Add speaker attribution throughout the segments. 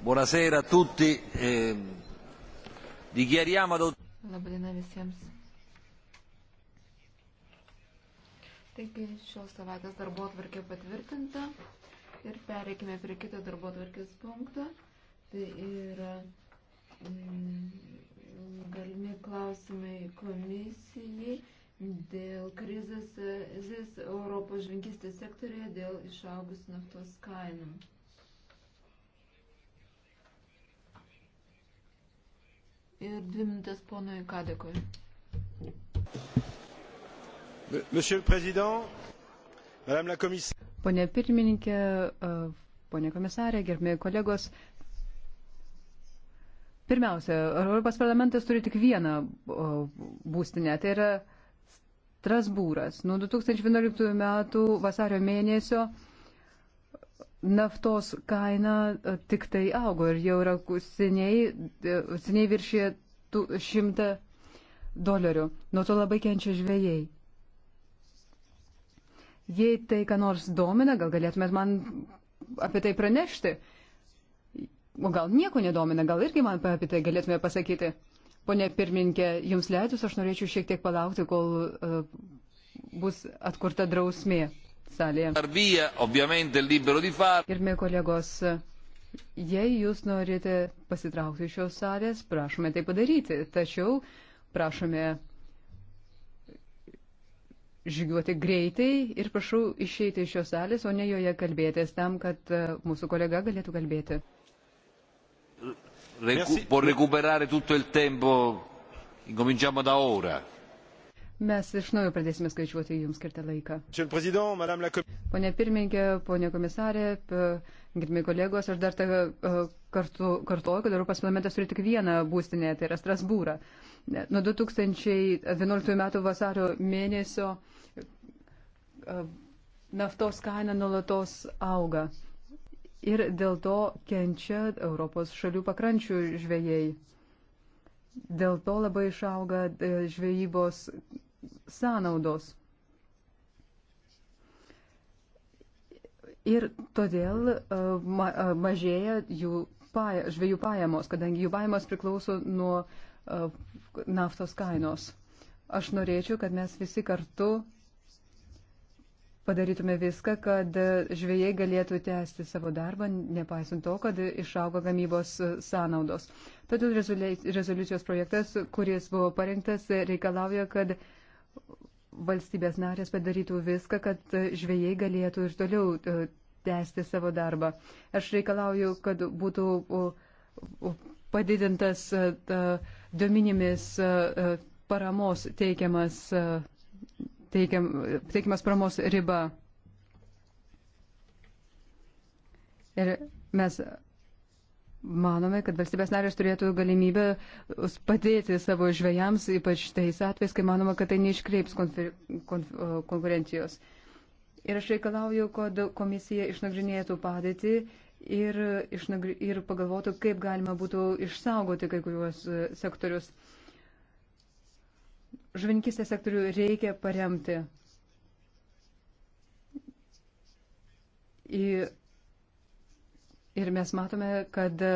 Speaker 1: Buonasera a tutti. Eh, dichiariamo ad...
Speaker 2: Labadiena visiems. Taigi šios savaitės darbo atvarkė patvirtinta ir pereikime prie kito darbo atvarkės punkto. Tai yra mm, galimi klausimai komisijai dėl krizės Europos žvinkistės sektorėje dėl išaugus naftos kainų. ir dvi minutės ponui Kadekui.
Speaker 3: Pone pirmininkė, pone komisarė, gerbėjai kolegos, pirmiausia, Europos parlamentas turi tik vieną būstinę, tai yra Strasbūras. Nuo 2011 metų vasario mėnesio naftos kaina e, tik tai augo ir jau yra seniai, e, seniai viršė šimtą dolerių. Nuo to labai kenčia žvėjai. Jei tai, ką nors domina, gal galėtumėt man apie tai pranešti. O gal nieko nedomina, gal irgi man apie tai galėtumėt pasakyti. Pone pirmininkė, jums leidus aš norėčiau šiek tiek palaukti, kol uh, bus atkurta drausmė salėje. Gerbėjai kolegos, jei jūs norite pasitraukti iš šios salės, prašome tai padaryti, tačiau prašome žygiuoti greitai ir prašau išeiti iš šios salės, o ne joje kalbėtis tam, kad e, mūsų kolega galėtų kalbėti.
Speaker 1: Recu può recuperare tutto il tempo, incominciamo da ora.
Speaker 3: Mes iš naujo pradėsime skaičiuoti jums skirtą laiką. Pone pirmininkė, pone komisarė, gerbimi kolegos, aš dar e, kartu, kartuoju, kad Europos parlamentas turi tik vieną būstinę, tai yra Strasbūrą. Nuo 2011 m. vasario mėnesio e, naftos kaina nulatos auga ir dėl to kenčia Europos šalių pakrančių žvėjai. Dėl to labai išauga e, žvejybos sąnaudos. Ir todėl e, ma e, mažėja jų paja, žvėjų pajamos, kadangi jų pajamos priklauso nuo e, naftos kainos. Aš norėčiau, kad mes visi kartu padarytume viską, kad žvėjai galėtų tęsti savo darbą, nepaisant to, kad išaugo gamybos sąnaudos. Todėl rezoliucijos projektas, kuris buvo parengtas, reikalauja, kad valstybės narės padarytų viską, kad e, žvėjai galėtų ir toliau e, tęsti savo darbą. Aš reikalauju, kad būtų padidintas e, duomenimis paramos teikiamas, teikiam, teikiamas paramos riba. Ir mes manome, kad valstybės narės turėtų galimybę padėti savo žvėjams, ypač tais atvejais, kai manoma, kad tai neiškreips konfer, konf, konkurencijos. Ir aš reikalauju, kad komisija išnagrinėtų padėtį ir, išnagri, ir pagalvotų, kaip galima būtų išsaugoti kai kuriuos e, sektorius. Žvinkistės sektorių reikia paremti. Į Ir mes matome, kad e,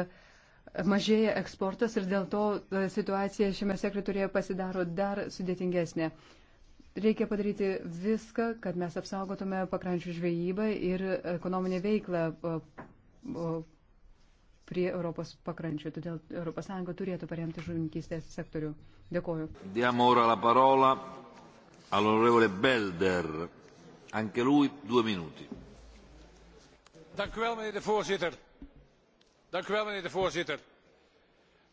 Speaker 3: mažėja eksportas ir dėl to e, situacija šiame sekretorėje pasidaro dar sudėtingesnė. Reikia padaryti viską, kad mes apsaugotume pakrančių žvejybą ir ekonominę veiklą e, prie Europos pakrančių. Todėl ES turėtų paremti žuvininkystės sektorių. Dėkoju.
Speaker 1: Diamo ora la parola all'onorevole Belder. Anche lui due minuti.
Speaker 4: Dank u wel, meneer de voorzitter voorzitter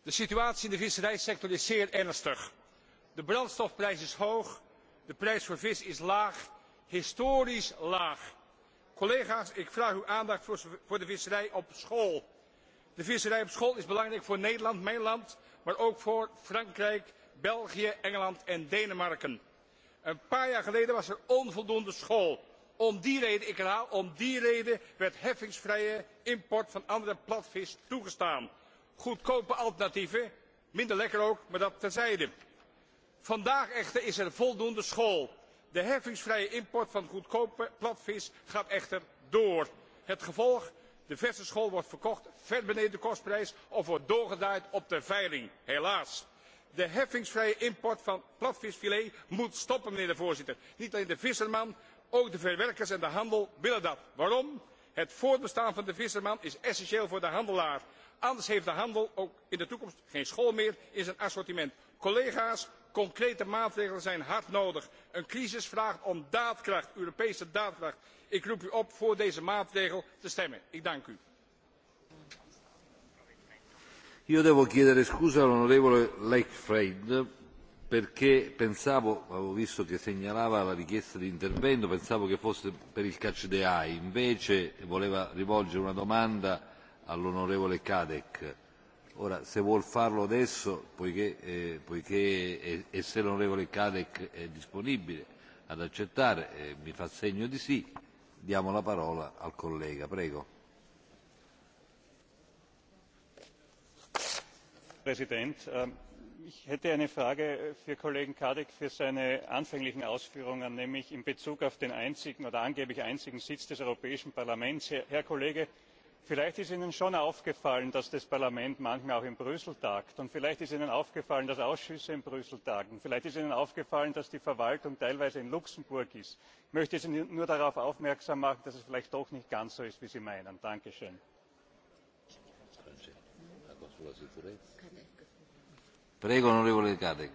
Speaker 4: de situatie in de visserijsector is zeer ernstig. de brandstofprijs is hoog de prijs voor vis is laag historisch laag. collega's ik vraag uw aandacht voor de visserij op school. de visserij op school is belangrijk voor nederland mijn land maar ook voor frankrijk belgië engeland en denemarken. een paar jaar geleden was er onvoldoende schol om die reden ik herhaal om die reden werd heffingsvrije import van andere platvis toegestaan. goedkope alternatieven minder lekker ook maar dat terzijde. vandaag echter is er voldoende schol. de heffingsvrije import van goedkope platvis gaat echter door. het gevolg de verse schol wordt verkocht ver beneden de kostprijs of wordt doorgedraaid op de veiling helaas. de heffingsvrije import van platvisfilet moet stoppen mijnheer de voorzitter. niet alleen de visserman ook de verwerkers en de handel willen dat. waarom? het voortbestaan van de visserman is essentieel voor de handelaar anders heeft de handel ook in de toekomst geen schol meer in zijn assortiment. collega's concrete maatregelen zijn hard nodig. een crisis vraagt om daadkracht europese daadkracht. ik roep u op voor deze maatregel te stemmen. ik dank u.
Speaker 1: io devo chiedere scusa all'onorevole leichtfried perché pensavo avevo visto che segnalava la richiesta di intervento pensavo che fosse per il catch the eye invece voleva rivolgere una domanda all'onorevole cadec. ora se vuol farlo adesso poiché, eh, poiché e, e se l'onorevole cadec è disponibile ad accettare eh, mi fa segno di sì diamo la parola al collega prego.
Speaker 4: President, um ehm, ich hätte eine frage für kollegen cadec für seine anfänglichen ausführungen nämlich in bezug auf den einzigen oder angeblich einzigen sitz des europäischen parlaments. herr kollege vielleicht ist ihnen schon aufgefallen dass das parlament manchmal auch in brüssel tagt und vielleicht ist ihnen aufgefallen dass ausschüsse in brüssel tagen vielleicht ist ihnen aufgefallen dass die verwaltung teilweise in luxemburg ist. ich möchte sie nu-, nur darauf aufmerksam machen dass es vielleicht doch nicht ganz so ist wie sie meinen. danke schön.
Speaker 1: Prego, onorevole Kadek.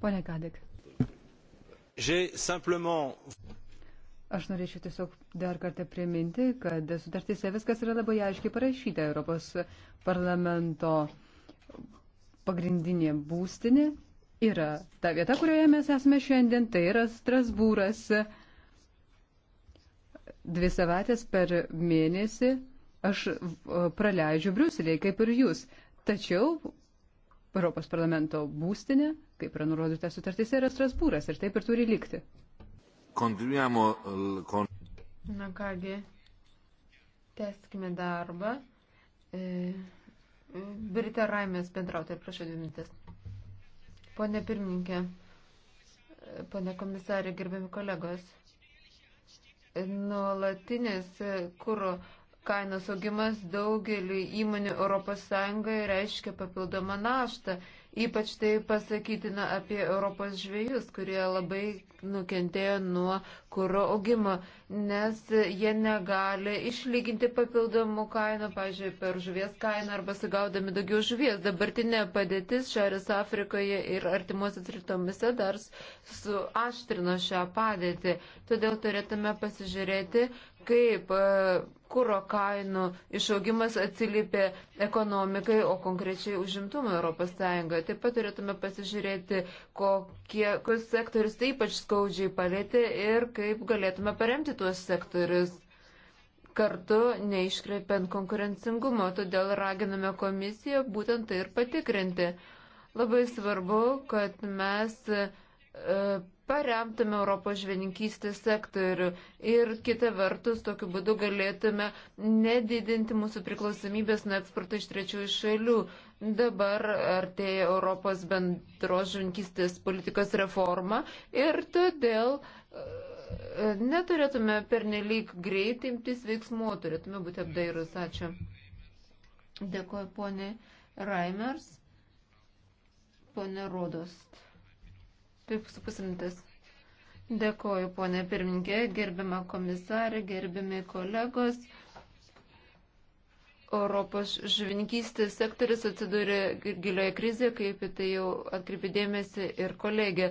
Speaker 3: Pone Kadek.
Speaker 1: Simplement...
Speaker 3: Aš norėčiau tiesiog dar kartą priminti, kad sutartyse viskas yra labai aiškiai parašyta. Europos parlamento pagrindinė būstinė yra ta vieta, kurioje mes esame šiandien, tai yra Strasbūras. Dvi savaitės per mėnesį aš e, praleidžiu Briuselėje, kaip ir jūs. Tačiau Europos parlamento būstinė, kaip yra nurodyta sutartys, yra Strasbūras ir taip ir turi likti.
Speaker 2: Na kągi, teskime darbą. E, e, Birita Raimės bendrauti, prašau dvi minutės. Pone pirmininkė, e, pone komisarė, gerbiami kolegos, nuolatinis kūro Kainos augimas daugeliu įmonių ES reiškia papildomą naštą. Ypač tai pasakytina apie Europos žvėjus, kurie labai nukentėjo nuo kūro augimo, nes jie negali išlyginti papildomų kainų, pažiūrėjau, per žuvies kainą arba sugaudami daugiau žuvies. Dabartinė padėtis Šiaurės Afrikoje ir artimuosius rytomise dar suaštrino šią padėtį. Todėl turėtume pasižiūrėti, kaip kūro kainų išaugimas atsiliepė ekonomikai, o konkrečiai užimtumą ES. Taip pat turėtume pasižiūrėti, kokius sektorius taip pat skaudžiai palėtė ir kaip galėtume paremti tuos sektorius kartu neiškreipiant konkurencingumo. Todėl raginame komisiją būtent tai ir patikrinti. Labai svarbu, kad mes e, paremtume Europos žveninkystės sektorių ir kitą vertus tokiu būdu galėtume nedidinti mūsų priklausomybės nuo eksporto iš trečiųjų šalių. Dabar artėja Europos bendros žveninkystės politikos reforma ir todėl e, neturėtume pernelyg greitai imtis veiksmų, turėtume būti apdairus. Ačiū. Dėkuoju, ponė Raimers, ponė Rodost. 2,5 minutės. Dėkoju, ponė pirmininkė, gerbiama komisarė, gerbiami kolegos. Europos žvininkystės sektoris atsidūrė gilioje krizėje, kaip į tai jau atkreipė dėmesį ir kolegė.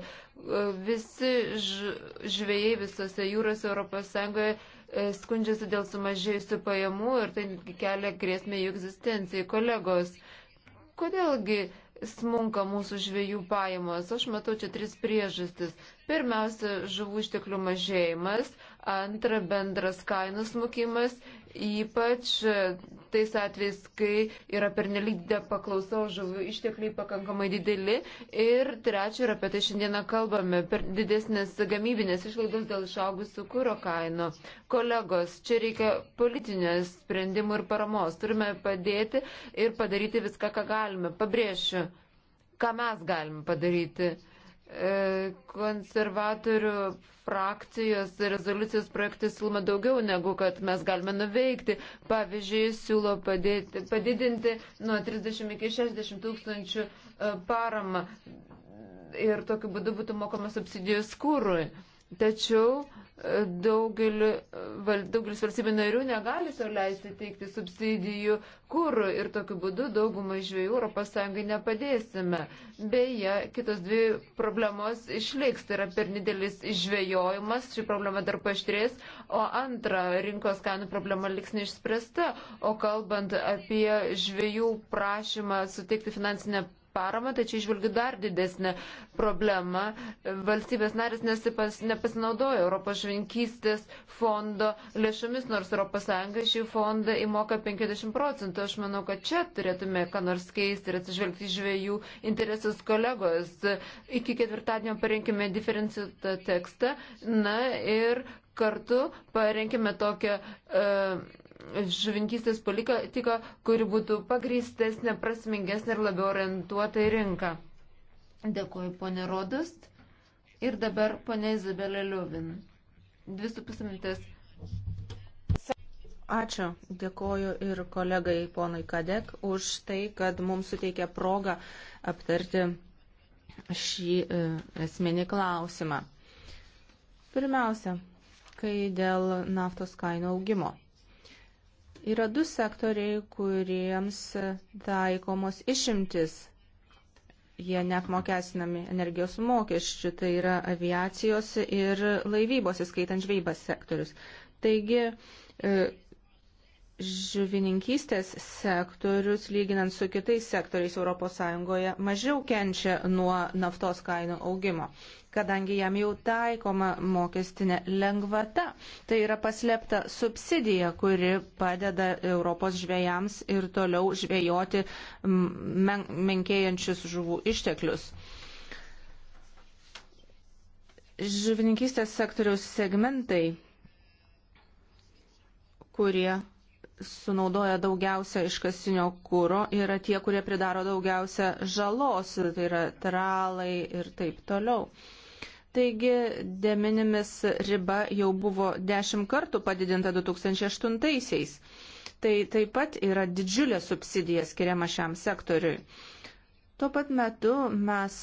Speaker 2: Visi žvėjai visose jūrose ES e, skundžiasi dėl sumažėjusių pajamų ir tai kelia grėsmę jų egzistencijai. Kolegos, kodėlgi smunka mūsų žviejų pajamos. Aš matau čia tris priežastis. Pirmiausia, žuvų išteklių mažėjimas, antra, bendras kainų smukimas ypač e, tais atvejais, kai yra pernelyg didelė paklausa, o žuvų ištekliai pakankamai dideli. Ir trečia, ir apie tai šiandieną kalbame, per didesnės gamybinės išlaidos dėl išaugusių kūro kainų. Kolegos, čia reikia politinio sprendimų ir paramos. Turime padėti ir padaryti viską, ką galime. Pabrėšiu, ką mes galime padaryti. E, konservatorių frakcijos rezoliucijos projektai siūloma daugiau negu kad mes galime nuveikti. Pavyzdžiui, siūlo padėti, padidinti nuo 30 iki 60 tūkstančių e, paramą ir tokiu būdu būtų mokama subsidijos kūrui. Tačiau daugelis, daugelis valstybių narių negali to leisti teikti subsidijų kūrų ir tokiu būdu daugumai žvėjų ES nepadėsime. Beje, kitos dvi problemos išliks, tai yra per didelis žvėjojimas, ši problema dar paštrės, o antra, rinkos kainų problema liks neišspręsta, o kalbant apie žvėjų prašymą suteikti finansinę paramą, tačiau išvelgiu dar didesnę problemą. Valstybės narės nesipas, nepasinaudojo Europos žvinkystės fondo lėšomis, nors ES šį fondą įmoka 50 procentų. Aš manau, kad čia turėtume ką nors keisti ir atsižvelgti žvėjų interesus kolegos. Iki ketvirtadienio parinkime diferencijuotą tekstą. Na ir kartu parenkime tokią. Uh, žuvintystės politika, kuri būtų pagrįstesnė, prasmingesnė ir labiau orientuota į rinką. Dėkuoju, ponė Rodust. Ir dabar ponė Izabelė Liuvin.
Speaker 5: Dvi su pusė minutės. Ačiū, dėkoju ir kolegai ponui Kadek už tai, kad mums suteikė progą aptarti šį e, esminį klausimą. Pirmiausia, kai dėl naftos kainų augimo. Yra du sektoriai, kuriems taikomos išimtis. Jie neapmokestinami energijos mokesčių, tai yra aviacijos ir laivybos, įskaitant žvejybas sektorius. Taigi, e, žuvininkystės sektorius, lyginant su kitais sektoriais ES, mažiau kenčia nuo naftos kainų augimo, kadangi jam jau taikoma mokestinė lengvata. Tai yra paslėpta subsidija, kuri padeda Europos žvėjams ir toliau žvėjoti men menkėjančius žuvų išteklius. Žuvininkystės sektoriaus segmentai kurie sunaudoja daugiausia iškasinio kūro, yra tie, kurie pridaro daugiausia žalos, tai yra tralai ir taip toliau. Taigi deminimis riba jau buvo dešimt kartų padidinta 2008-aisiais. Tai taip pat yra didžiulė subsidija skiriama šiam sektoriui. Tuo pat metu mes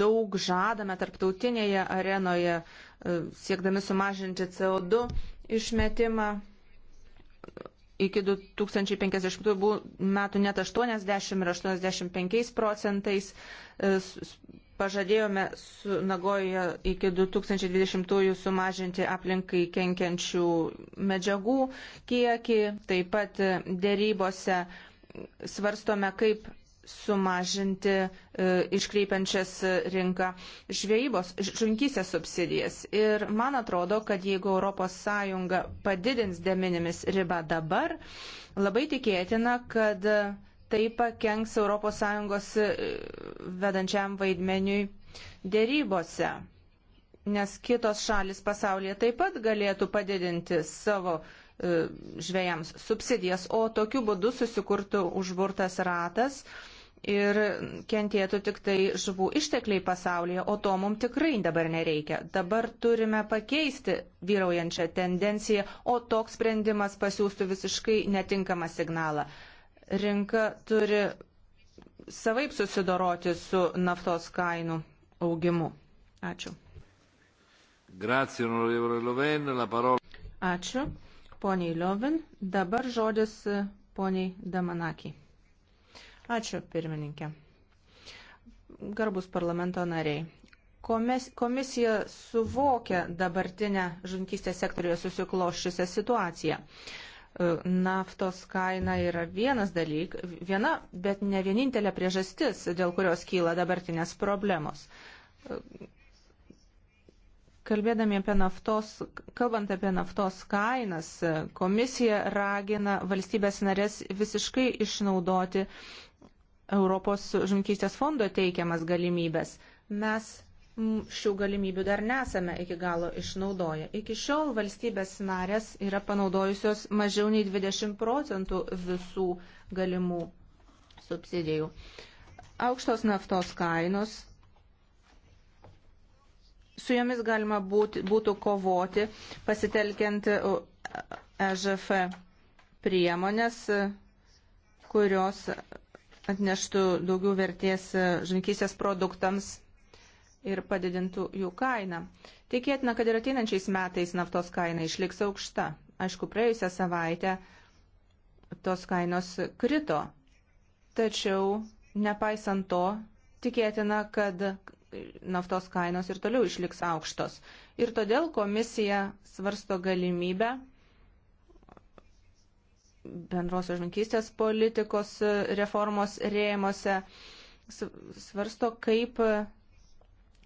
Speaker 5: daug žadame tarptautinėje arenoje, e, siekdami sumažinti CO2 išmetimą. Iki 2050 metų net 80 ir 85 procentais e, pažadėjome su Nagoje iki 2020 sumažinti aplinkai kenkiančių medžiagų kiekį. Taip pat e, dėrybose svarstome, kaip sumažinti e, iškreipiančias rinką žvejybos, žunkysės subsidijas. Ir man atrodo, kad jeigu ES padidins deminimis ribą dabar, labai tikėtina, kad tai pakenks ES e, vedančiam vaidmeniui dėrybose. Nes kitos šalis pasaulyje taip pat galėtų padidinti savo e, žvėjams subsidijas, o tokiu būdu susikurtų užburtas ratas, ir kentėtų tik tai žuvų ištekliai pasaulyje, o to mums tikrai dabar nereikia. Dabar turime pakeisti vyraujančią tendenciją, o toks sprendimas pasiūstų visiškai netinkamą signalą. Rinka turi savaip susidoroti su naftos kainų augimu. Ačiū.
Speaker 1: Grazie, Loven, la parola.
Speaker 5: Ačiū, poniai Liovin. Dabar žodis poniai Damanakį. Ačiū, pirmininkė. Garbus parlamento nariai. Komisija suvokia dabartinę žunkystės sektorijoje susikloščiusią situaciją e, naftos kaina yra vienas dalyk, viena, bet ne vienintelė priežastis, dėl kurios kyla dabartinės problemos. E, kalbėdami apie naftos, kalbant apie naftos kainas, e, komisija ragina valstybės narės visiškai išnaudoti Europos žunkystės fondo teikiamas galimybės. Mes šių galimybių dar nesame iki galo išnaudoję. Iki šiol valstybės narės yra panaudojusios mažiau nei 20 procentų visų galimų subsidijų. Aukštos naftos kainos. Su jomis galima būti, būtų kovoti pasitelkiant EŽF e, e priemonės, kurios atneštų daugiau vertės e, žvinkysės produktams ir padidintų jų kainą. Tikėtina, kad ir ateinančiais metais naftos kaina išliks aukšta. Aišku, praėjusią savaitę tos kainos krito. Tačiau, nepaisant to, tikėtina, kad naftos kainos ir toliau išliks aukštos. Ir todėl komisija svarsto galimybę bendrosios žankystės politikos reformos rėmose svarsto, kaip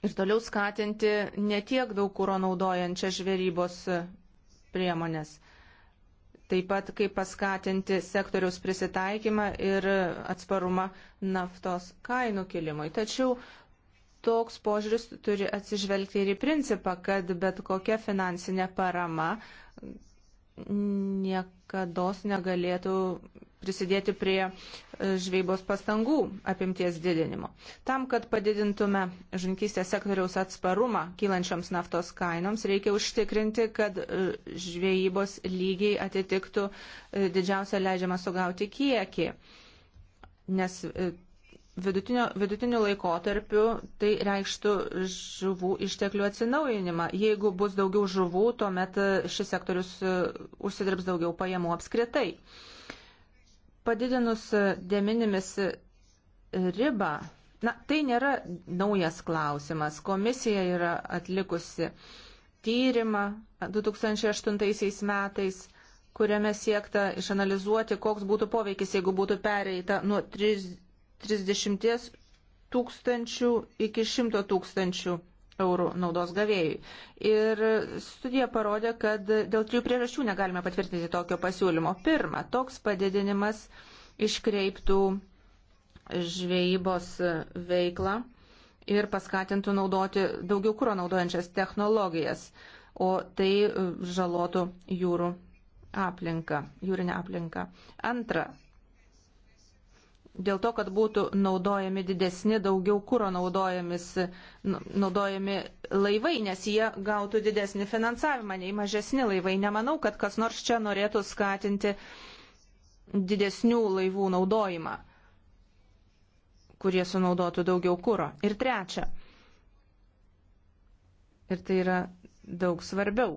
Speaker 5: ir toliau skatinti netiek daug kūro naudojančias žvėrybos priemonės. Taip pat kaip paskatinti sektoriaus prisitaikymą ir atsparumą naftos kainų kilimui. Tačiau toks požiūris turi atsižvelgti ir į principą, kad bet kokia finansinė parama niekada negalėtų prisidėti prie e, žvejybos pastangų apimties didinimo. Tam, kad padidintume žunkystės sektoriaus atsparumą kylančioms naftos kainoms, reikia užtikrinti, kad e, žvejybos lygiai atitiktų e, didžiausią leidžiamą sugauti kiekį. Nes vidutinio, vidutiniu laikotarpiu tai reikštų žuvų išteklių atsinaujinimą. Jeigu bus daugiau žuvų, tuomet e, šis sektorius e, užsidirbs daugiau pajamų apskritai. Padidinus e, dėminimis ribą, na, tai nėra naujas klausimas. Komisija yra atlikusi tyrimą 2008 metais kuriame siekta išanalizuoti, koks būtų poveikis, jeigu būtų pereita nuo 30 30 tūkstančių iki 100 tūkstančių eurų naudos gavėjui. Ir studija parodė, kad dėl trijų priežasčių negalime patvirtinti tokio pasiūlymo. Pirma, toks padidinimas iškreiptų žvejybos veiklą ir paskatintų naudoti daugiau kūro naudojančias technologijas, o tai žalotų jūrų aplinką, jūrinę aplinką. Antra, dėl to, kad būtų naudojami didesni, daugiau kūro naudojami laivai, nes jie gautų didesnį finansavimą nei mažesni laivai. Nemanau, kad kas nors čia norėtų skatinti didesnių laivų naudojimą, kurie sunaudotų daugiau kūro. Ir trečia, ir tai yra daug svarbiau.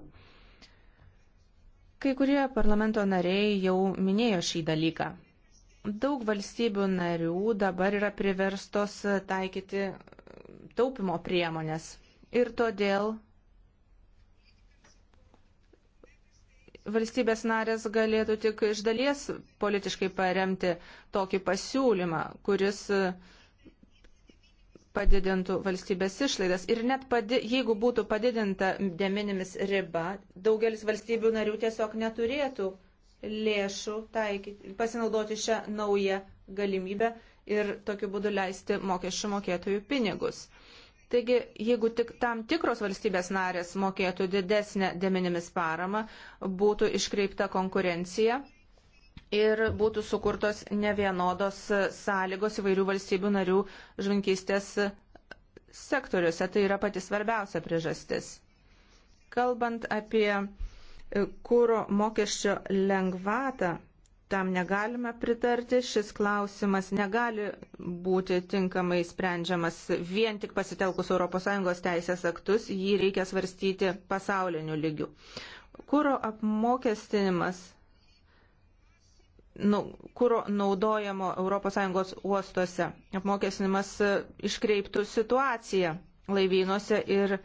Speaker 5: Kai kurie parlamento nariai jau minėjo šį dalyką. Daug valstybių narių dabar yra priverstos taikyti taupimo priemonės ir todėl valstybės narės galėtų tik iš dalies politiškai paremti tokį pasiūlymą, kuris padidintų valstybės išlaidas. Ir net padi, jeigu būtų padidinta dėminimis riba, daugelis valstybių narių tiesiog neturėtų lėšų taikyti, pasinaudoti šią naują galimybę ir tokiu būdu leisti mokesčių mokėtojų pinigus. Taigi, jeigu tik tam tikros valstybės narės mokėtų didesnę deminimis paramą, būtų iškreipta konkurencija ir būtų sukurtos nevienodos sąlygos įvairių valstybių narių žvinkystės sektoriuose. Tai yra pati svarbiausia priežastis. Kalbant apie kūro mokesčio lengvatą. Tam negalime pritarti, šis klausimas negali būti tinkamai sprendžiamas vien tik pasitelkus ES teisės aktus, jį reikia svarstyti pasauliniu lygiu. Kūro apmokestinimas, nu, kūro naudojamo ES uostuose, apmokestinimas iškreiptų situaciją laivynuose ir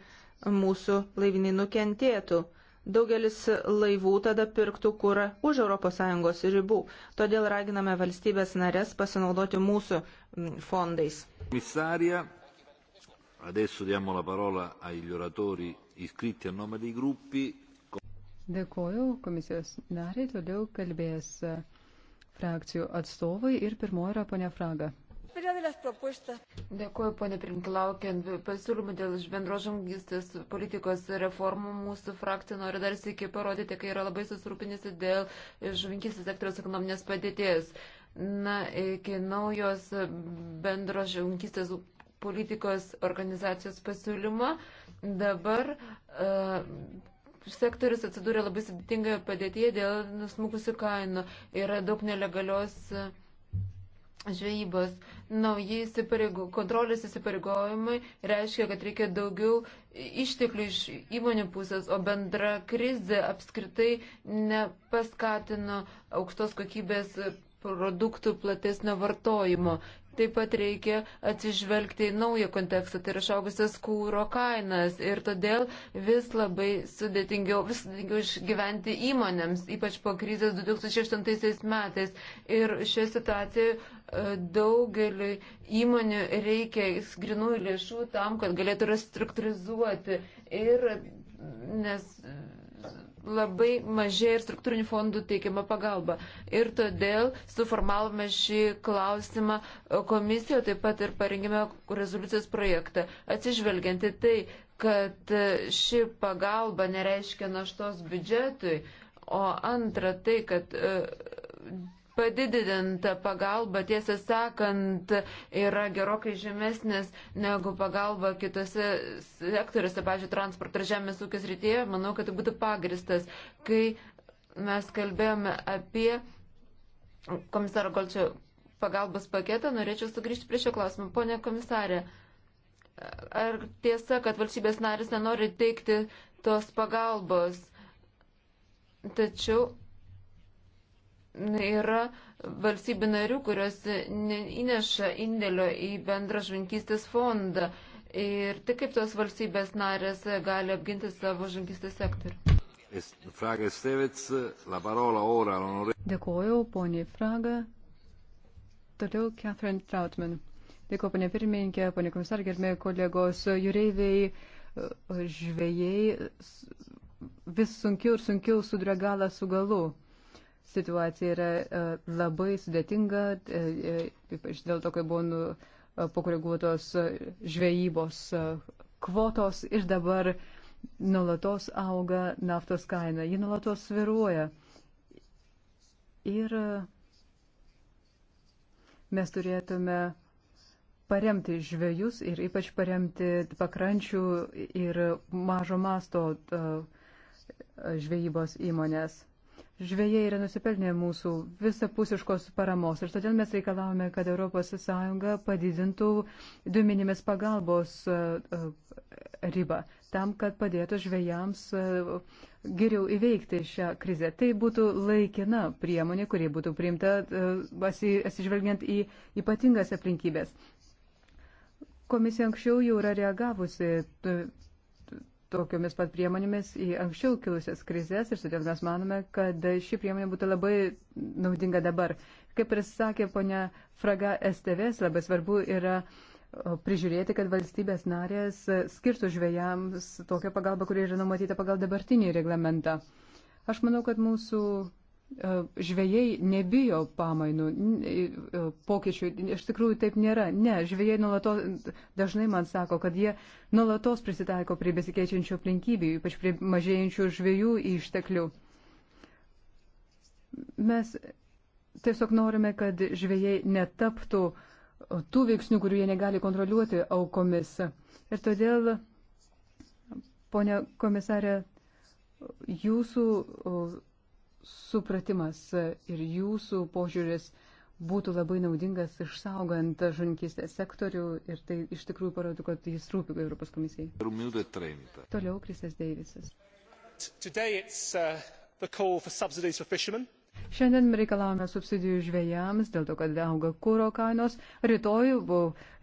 Speaker 5: mūsų laiviniai nukentėtų. Daugelis laivų tada pirktų kurą už ES ribų. Todėl raginame valstybės narės pasinaudoti mūsų
Speaker 3: fondais.
Speaker 1: Komisarija, adesso diamo la parola agli oratori iscritti a nome dei gruppi.
Speaker 3: Dėkoju komisijos nariai, todėl kalbės frakcijų atstovai ir pirmoji yra ponia Fraga.
Speaker 2: Dėkuoju, ponė Primklaukiant. Pasiūlymų dėl bendros žangistės politikos reformų mūsų frakcija nori dar sėki parodyti, kai yra labai susirūpinęs dėl žuvinkistės sektoriaus ekonominės padėties. Na, iki naujos bendros žuvinkistės politikos organizacijos pasiūlymo dabar. Uh, sektorius atsidūrė labai sudėtingoje padėtyje dėl nusmukusių kainų. Yra daug nelegalios uh, žvejybos. Nauji įsipareigo, kontrolės įsipareigojimai reiškia, kad reikia daugiau išteklių iš įmonių pusės, o bendra krizė apskritai nepaskatino aukštos kokybės produktų platesnio vartojimo. Taip pat reikia atsižvelgti į naują kontekstą, tai yra išaugusias kūro kainas ir todėl vis labai sudėtingiau, vis sudėtingiau išgyventi įmonėms, ypač po krizės 2008 metais. Ir šioje situacijoje daugeliu įmonių reikia grinųjų lėšų tam, kad galėtų restruktūrizuoti ir nes labai mažė ir struktūrinių fondų teikiama pagalba. Ir todėl suformavome šį klausimą komisijoje, taip pat ir parengėme rezoliucijos projektą. Atsižvelgianti tai, kad ši pagalba nereiškia naštos biudžetui, o antra tai, kad padidinta pagalba, tiesą sakant, yra gerokai žemesnis negu pagalba kitose sektoriuose, pavyzdžiui, transporto ar žemės ūkės rytyje, manau, kad tai būtų pagristas. Kai mes kalbėjome apie komisaro Golčio pagalbos paketą, norėčiau sugrįžti prie šio klausimo. Pone komisarė, ar tiesa, kad valstybės narys nenori teikti tos pagalbos? Tačiau yra valstybių narių, kurios įneša indėlio į bendrą žvinkystės fondą. Ir tik kaip tos valstybės narės gali apginti savo žvinkystės sektorių.
Speaker 3: Dėkuoju, poniai Fraga. Toliau Catherine Trautman. Dėkuoju, ponė pirmininkė, ponė komisar, gerbėjai kolegos, jūreiviai, žvėjai vis sunkiau ir sunkiau sudregalą su galu situacija yra e, labai sudėtinga, e, e, ypač dėl to, kai buvo nu, pakoreguotos žvejybos kvotos ir dabar nulatos auga naftos kaina, ji nulatos sviruoja. Ir mes turėtume paremti žvėjus ir ypač paremti pakrančių ir mažo masto žvejybos įmonės žvėjai yra nusipelnę mūsų visapusiškos paramos ir todėl mes reikalavome, kad ES padidintų duomenimis pagalbos e, e, ribą tam, kad padėtų žvėjams e, geriau įveikti šią krizę. Tai būtų laikina priemonė, kurie būtų priimta atsižvelgiant į ypatingas aplinkybės. Komisija anksčiau jau yra reagavusi tokiomis pat priemonėmis į anksčiau kilusias krizės ir todėl mes manome, kad ši priemonė būtų labai naudinga dabar. Kaip ir sakė ponia Fraga STVS, labai svarbu yra prižiūrėti, kad valstybės narės skirtų žvėjams tokią pagalbą, kuri yra numatyta pagal dabartinį reglamentą. Aš manau, kad mūsų E, žvėjai nebijo pamainų, e, e, pokyčių. Iš tikrųjų taip nėra. Ne, žvėjai nulatos, dažnai man sako, kad jie nulatos prisitaiko prie besikeičiančių aplinkybių, ypač prie mažėjančių žvėjų išteklių. Mes tiesiog norime, kad žvėjai netaptų tų veiksnių, kurių jie negali kontroliuoti aukomis. Ir todėl, ponia komisarė, jūsų supratimas ir jūsų požiūris būtų labai naudingas išsaugant žunkistės sektorių ir tai iš tikrųjų parodo, kad jis rūpi Europos komisijai.
Speaker 4: E
Speaker 3: Toliau Kristas Deivisas. Šiandien reikalavome subsidijų žvėjams dėl to, kad auga kūro kainos. Rytoj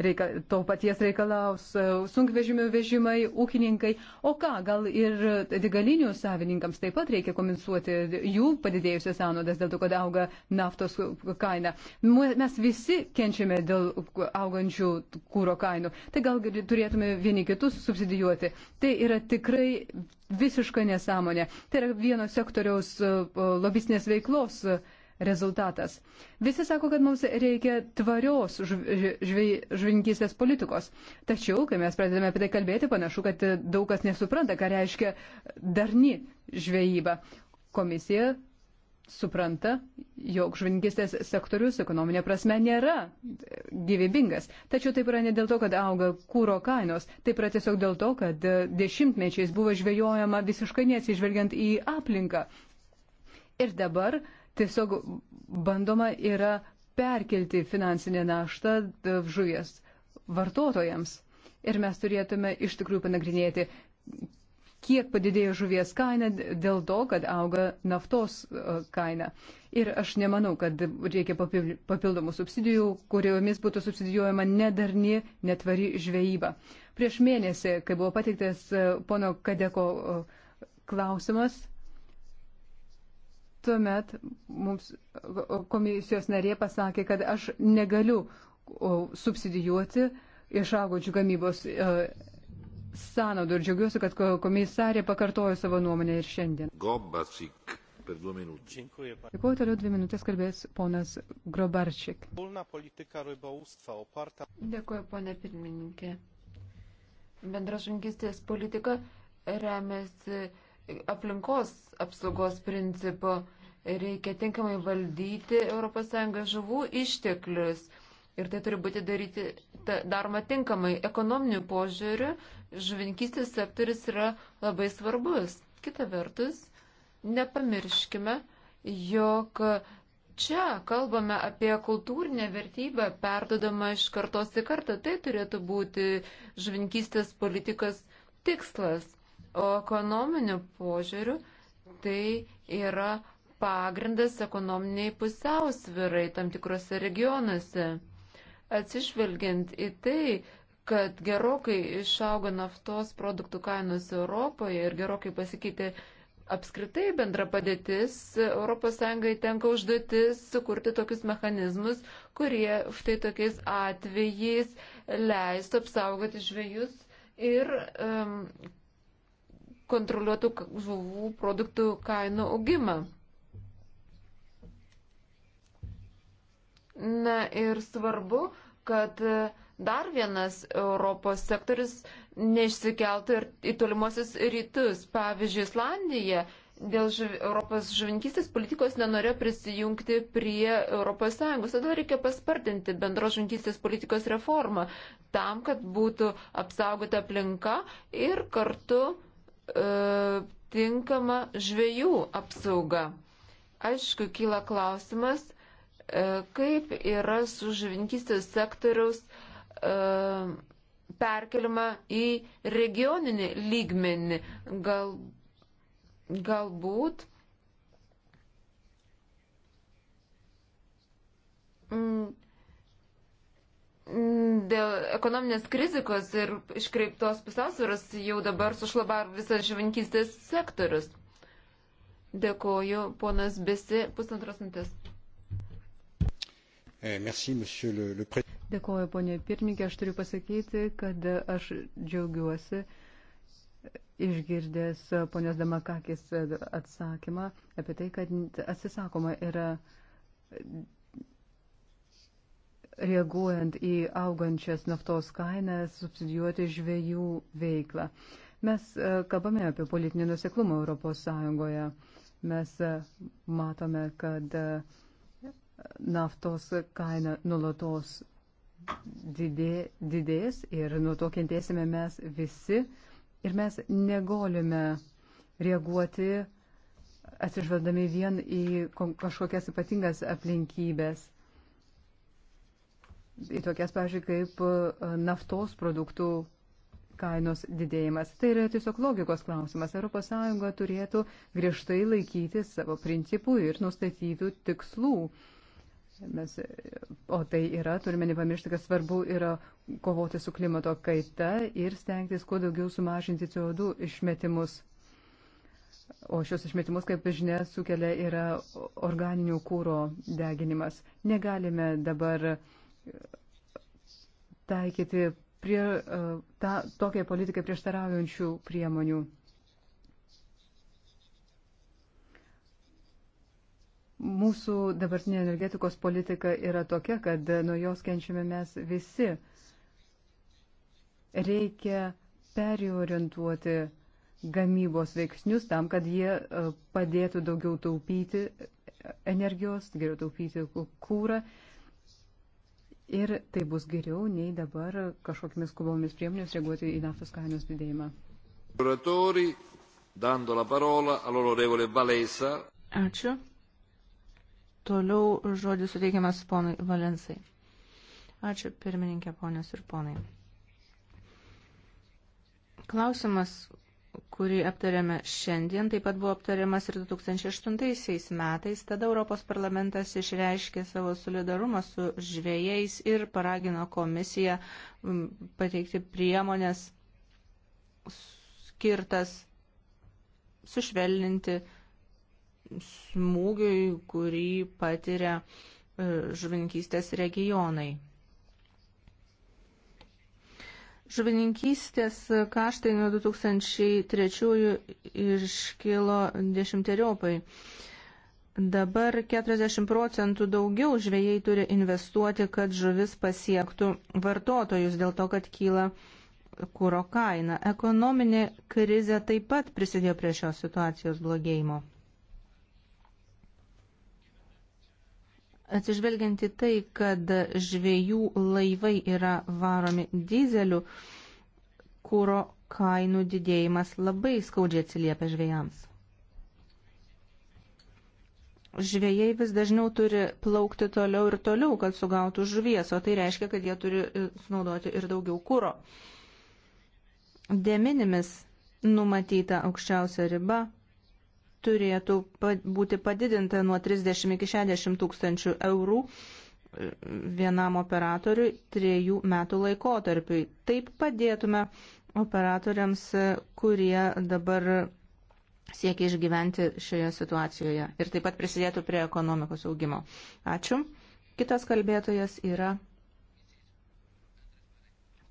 Speaker 3: reika, to paties reikalaus e, sunkvežimių vežimai, ūkininkai. O ką, gal ir degalinių savininkams taip pat reikia kompensuoti jų padidėjusias sąnaudas dėl to, kad auga naftos kaina. Mes visi kenčiame dėl augančių kūro kainų. Tai gal turėtume vieni kitus subsidijuoti. Tai yra tikrai visiška nesąmonė. Tai yra vieno sektoriaus e, e, lobistinės veiklos e, rezultatas. Visi sako, kad mums reikia tvarios žvininkystės politikos. Tačiau, kai mes pradedame apie tai kalbėti, panašu, kad daug kas nesupranta, ką reiškia darni žvejyba. Komisija supranta, jog žuvininkistės sektorius ekonominė prasme nėra gyvybingas. Tačiau taip yra ne dėl to, kad auga kūro kainos, taip yra tiesiog dėl to, kad dešimtmečiais buvo žvejojama visiškai neatsižvelgiant į aplinką. Ir dabar tiesiog bandoma yra perkelti finansinę naštą žuvies vartotojams. Ir mes turėtume iš tikrųjų panagrinėti, kiek padidėjo žuvies kaina dėl to, kad auga naftos e, kaina. Ir aš nemanau, kad reikia papildomų subsidijų, kuriomis būtų subsidijuojama nedarni, netvari žvejyba. Prieš mėnesį, kai buvo pateiktas e, pono Kadeko e, klausimas, tuomet mums komisijos narė pasakė, kad aš negaliu subsidijuoti išaugočių gamybos sąnaudų ir džiaugiuosi, kad komisarė pakartojo savo nuomonę ir šiandien.
Speaker 1: Gobasik. Dėkuoju,
Speaker 3: toliau dvi minutės kalbės ponas Grobarčik.
Speaker 2: Dėkuoju, ponė pirmininkė. Bendražungistės politika remiasi aplinkos apsaugos principu. Reikia tinkamai valdyti ES žuvų išteklius. Ir tai turi būti daryti, ta, daroma tinkamai. Ekonominių požiūrių žuvinkystės sektoris yra labai svarbus. Kita vertus, nepamirškime, jog čia kalbame apie kultūrinę vertybę perdodamą iš kartos į kartą. Tai turėtų būti žuvinkystės politikos tikslas. O ekonominiu požiūriu tai yra pagrindas ekonominiai pusiausvirai tam tikrose regionuose atsižvelgiant į tai, kad gerokai išaugo naftos produktų kainos Europoje ir gerokai pasikeitė apskritai bendra padėtis, ES tenka užduotis sukurti tokius mechanizmus, kurie štai tokiais atvejais leistų apsaugoti žvėjus ir um, kontroliuotų žuvų produktų kainų augimą. Na ir svarbu, kad e, dar vienas Europos sektoris neišsikeltų ir į tolimuosius rytus. Pavyzdžiui, Islandija dėl živ Europos žuvinkistės politikos nenorėjo prisijungti prie ES. Todėl reikia paspartinti bendros žuvinkistės politikos reformą tam, kad būtų apsaugota aplinka ir kartu e, tinkama žvėjų apsauga. Aišku, kyla klausimas, E, kaip yra su žuvinkystės sektoriaus e, perkelima į regioninį lygmenį. Gal, galbūt mm, mm, dėl ekonominės krizikos ir iškreiptos pusiausvėros jau dabar sušlaba visas žuvinkystės sektorius. Dėkoju, ponas Besi, pusantros
Speaker 3: mintis. Eh, Dėkuoju, ponė pirmininkė, aš turiu pasakyti, kad aš džiaugiuosi išgirdęs ponios Damakakis atsakymą apie tai, kad atsisakoma yra reaguojant į augančias naftos kainas, subsidijuoti žvėjų veiklą. Mes e, kalbame apie politinį nuseklumą Europos Sąjungoje. Mes e, matome, kad uh, naftos kaina nulatos didė, didės ir nuo to kentėsime mes visi ir mes negalime reaguoti atsižvelgdami vien į kažkokias ypatingas aplinkybės. Į tokias, pažiūrėjau, kaip e, naftos produktų kainos didėjimas. Tai yra tiesiog logikos klausimas. ES turėtų griežtai laikyti savo principų ir nustatytų tikslų. Mes, o tai yra, turime nepamiršti, kad svarbu yra kovoti su klimato kaita ir stengtis kuo daugiau sumažinti CO2 išmetimus. O šios išmetimus, kaip žinia, sukelia yra organinių kūro deginimas. Negalime dabar taikyti prie, ta, tokiai politikai prieštaraujančių priemonių. Mūsų dabartinė energetikos politika yra tokia, kad nuo jos kenčiame mes visi. Reikia periorientuoti gamybos veiksnius tam, kad jie e, padėtų daugiau taupyti energijos, geriau taupyti kūrą. Ir tai bus geriau nei dabar kažkokiamis kubomis priemonės reaguoti į naftos kainos didėjimą. Ačiū.
Speaker 5: Toliau žodis suteikiamas ponui Valensai. Ačiū pirmininkė, ponios ir ponai. Klausimas, kurį aptarėme šiandien, taip pat buvo aptariamas ir 2008 metais. Tada Europos parlamentas išreiškė savo solidarumą su žvėjais ir paragino komisiją pateikti priemonės skirtas sušvelninti smūgiui, kurį patiria e, žuvininkystės regionai. Žuvininkystės kaštai nuo 2003 iškilo dešimteriopai. Dabar 40 procentų daugiau žvėjai turi investuoti, kad žuvis pasiektų vartotojus dėl to, kad kyla kūro kaina. Ekonominė krizė taip pat prisidėjo prie šios situacijos blogėjimo. Atsižvelgianti tai, kad žviejų laivai yra varomi dizeliu, kūro kainų didėjimas labai skaudžiai atsiliepia žvėjams. Žvėjai vis dažniau turi plaukti toliau ir toliau, kad sugautų žuvies, o tai reiškia, kad jie turi e, sunaudoti ir daugiau kūro. Deminimis numatyta aukščiausia riba turėtų būti padidinta nuo 30 iki 60 tūkstančių eurų e, vienam operatoriui trejų metų laikotarpiui. Taip padėtume operatoriams, e, kurie dabar siekia išgyventi šioje situacijoje ir taip pat prisidėtų prie ekonomikos augimo. Ačiū. Kitas kalbėtojas yra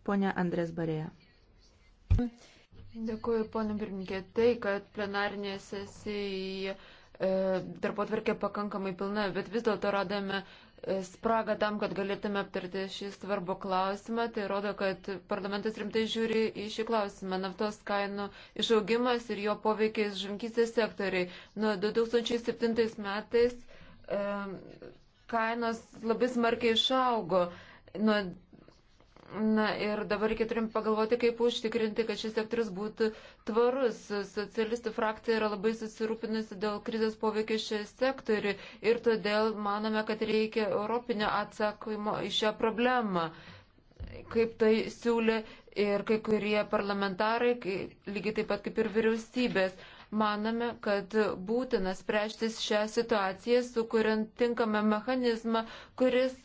Speaker 5: ponia Andrės Barėja.
Speaker 2: Dėkuoju, ponė pirmininkė. Tai, kad plenarinė sesija e, darbo tvarkė pakankamai pilna, bet vis dėlto radome e, spragą tam, kad galėtume aptarti šį svarbų klausimą. Tai rodo, kad parlamentas rimtai žiūri į šį klausimą. Naftos kainų išaugimas ir jo poveikiais žunkysės sektoriai. Nuo 2007 metais e, kainos labai smarkiai išaugo. Nuo Na ir dabar reikia turim pagalvoti, kaip užtikrinti, kad šis sektorius būtų tvarus. Socialistų frakcija yra labai susirūpinusi dėl krizės poveikio šią sektorių ir todėl manome, kad reikia europinio atsakymo į šią problemą. Kaip tai siūlė ir kai kurie parlamentarai, kai, lygiai taip pat kaip ir vyriausybės. Maname, kad būtina spręstis šią situaciją, sukuriant tinkamą mechanizmą, kuris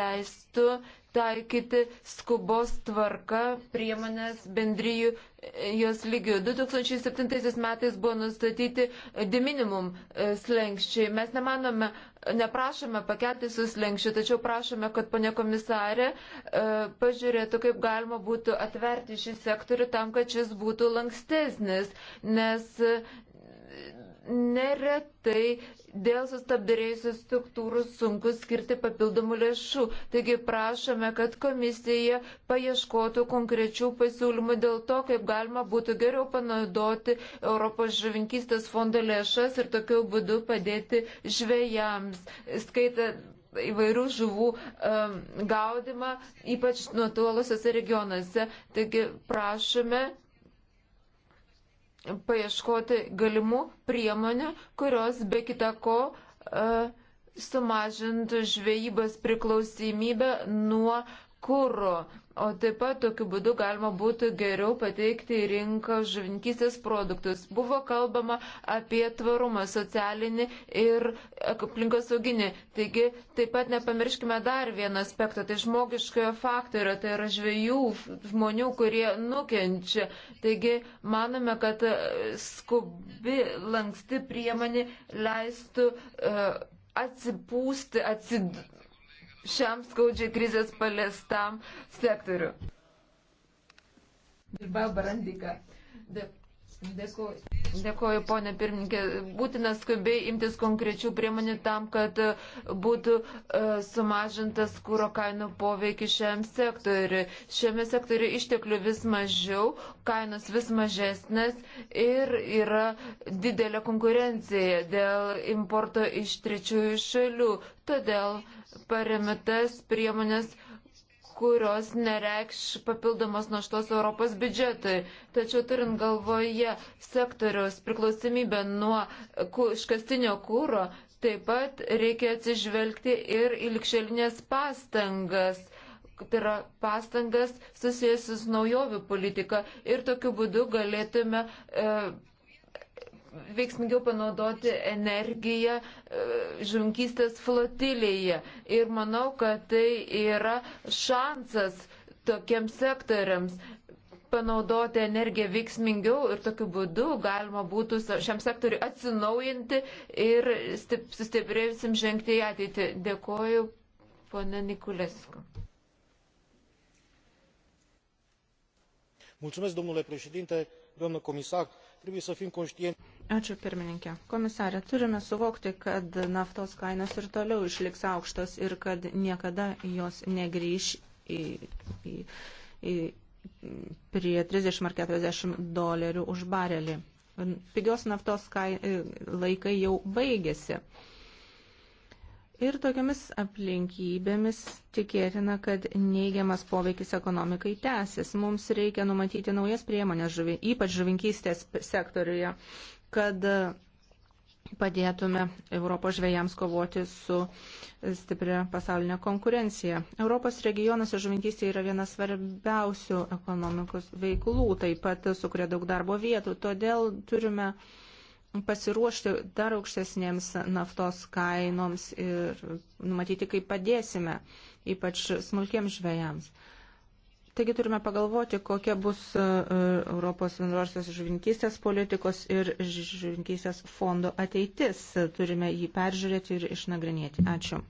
Speaker 2: leistų taikyti skubos tvarka priemonės bendryjų e, jos lygių. 2007 metais buvo nustatyti diminimum e, slengščiai. Mes nemanome, neprašome pakelti su slengščiu, tačiau prašome, kad ponė komisarė e, pažiūrėtų, kaip galima būtų atverti šį sektorių tam, kad šis būtų lankstesnis, nes neretai dėl sustabdėjusių struktūrų sunku skirti papildomų lėšų. Taigi prašome, kad komisija paieškotų konkrečių pasiūlymų dėl to, kaip galima būtų geriau panaudoti Europos žuvinkystės fondo lėšas ir tokiu būdu padėti žvėjams. Skaita, įvairių žuvų um, gaudimą, ypač nuotolosiuose regionuose. Taigi prašome paieškoti galimų priemonių, kurios be kita ko e, sumažintų žvejybos priklausomybę nuo kūro. O taip pat tokiu būdu galima būtų geriau pateikti į rinką žuvinkystės produktus. Buvo kalbama apie tvarumą socialinį ir aplinkosauginį. Taigi taip pat nepamirškime dar vieną aspektą, tai žmogiškojo faktorio, tai yra žvėjų žmonių, kurie nukenčia. Taigi manome, kad e, skubi lanksti priemonė leistų. Uh, atsipūsti, atsid, šiam skaudžiai krizės paliestam sektoriu. Bilbao Barandika. Dėkuoju. Dėkuoju, ponė pirmininkė. Būtina skubiai imtis konkrečių priemonių tam, kad e, būtų e, sumažintas kūro kainų poveikis šiam sektoriui. Šiame sektoriui išteklių vis mažiau, kainos vis mažesnės ir yra didelė konkurencija dėl importo iš trečiųjų šalių. Todėl paremtas priemonės kurios nereikš papildomos naštos Europos biudžetui. Tačiau turint galvoje sektoriaus priklausomybę nuo iškastinio kūro, taip pat reikia atsižvelgti ir ilgšelinės pastangas tai yra pastangas susijusius naujovių politiką ir tokiu būdu galėtume e, veiksmingiau panaudoti energiją e, žunkystės flotilėje. Ir manau, kad tai yra šansas tokiems sektoriams panaudoti energiją veiksmingiau ir tokiu būdu galima būtų šiam sektoriu atsinaujinti ir sustiprėjusim žengti į ateitį. Dėkoju, pone Nikulesku.
Speaker 3: Mulțumesc, domnule președinte, doamnă comisar.
Speaker 2: Trebuie
Speaker 5: să fim conștienți. Ačiū pirmininkė. Komisarė, turime suvokti, kad naftos kainos ir toliau išliks aukštos ir kad niekada jos negrįž į, į, į, prie 30 ar 40 dolerių už barelį. Pigios naftos kai, laikai jau baigėsi. Ir tokiamis aplinkybėmis tikėtina, kad neigiamas poveikis ekonomikai tęsis. Mums reikia numatyti naujas priemonės, žuvi, ypač žuvinkystės sektoriuje, kad padėtume Europos žvėjams kovoti su stipria pasaulinė konkurencija. Europos regionuose žuvintystė yra viena svarbiausių ekonomikos veiklų, taip pat sukuria daug darbo vietų, todėl turime uh, pasiruošti dar aukštesnėms naftos kainoms ir numatyti, kaip padėsime, ypač smulkiems žvėjams. Taigi turime pagalvoti, kokia bus e, Europos bendrosios žuvinkystės politikos ir žuvinkystės fondo ateitis. Turime jį peržiūrėti ir išnagrinėti. Ačiū.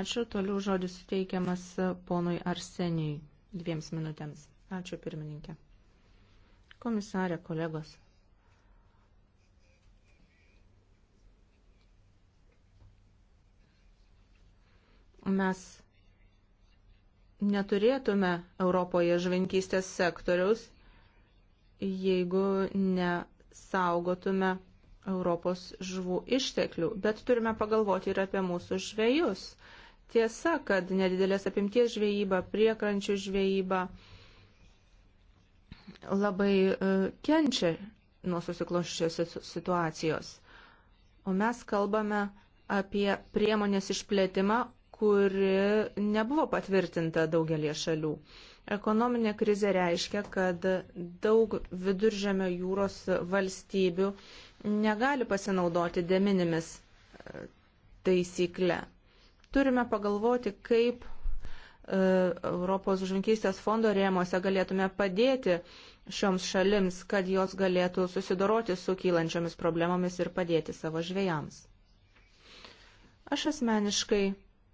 Speaker 5: Ačiū. Toliau žodis suteikiamas ponui Arsenijui dviems minutėms. Ačiū pirmininkė. Komisarė, kolegos. Mes neturėtume Europoje žvinkystės sektoriaus, jeigu nesaugotume Europos žuvų išteklių, bet turime pagalvoti ir apie mūsų žvėjus. Tiesa, kad nedidelės apimties žvejyba, priekrančių žvejyba labai e, kenčia nuo susikloščios situacijos. O mes kalbame apie priemonės išplėtimą, kuri nebuvo patvirtinta daugelie šalių. Ekonominė krizė reiškia, kad daug viduržėmio jūros valstybių negali pasinaudoti deminimis e, taisykle. Turime pagalvoti, kaip e, Europos žuvinkystės fondo rėmose galėtume padėti šioms šalims, kad jos galėtų susidoroti su kylančiomis problemomis ir padėti savo žvėjams. Aš asmeniškai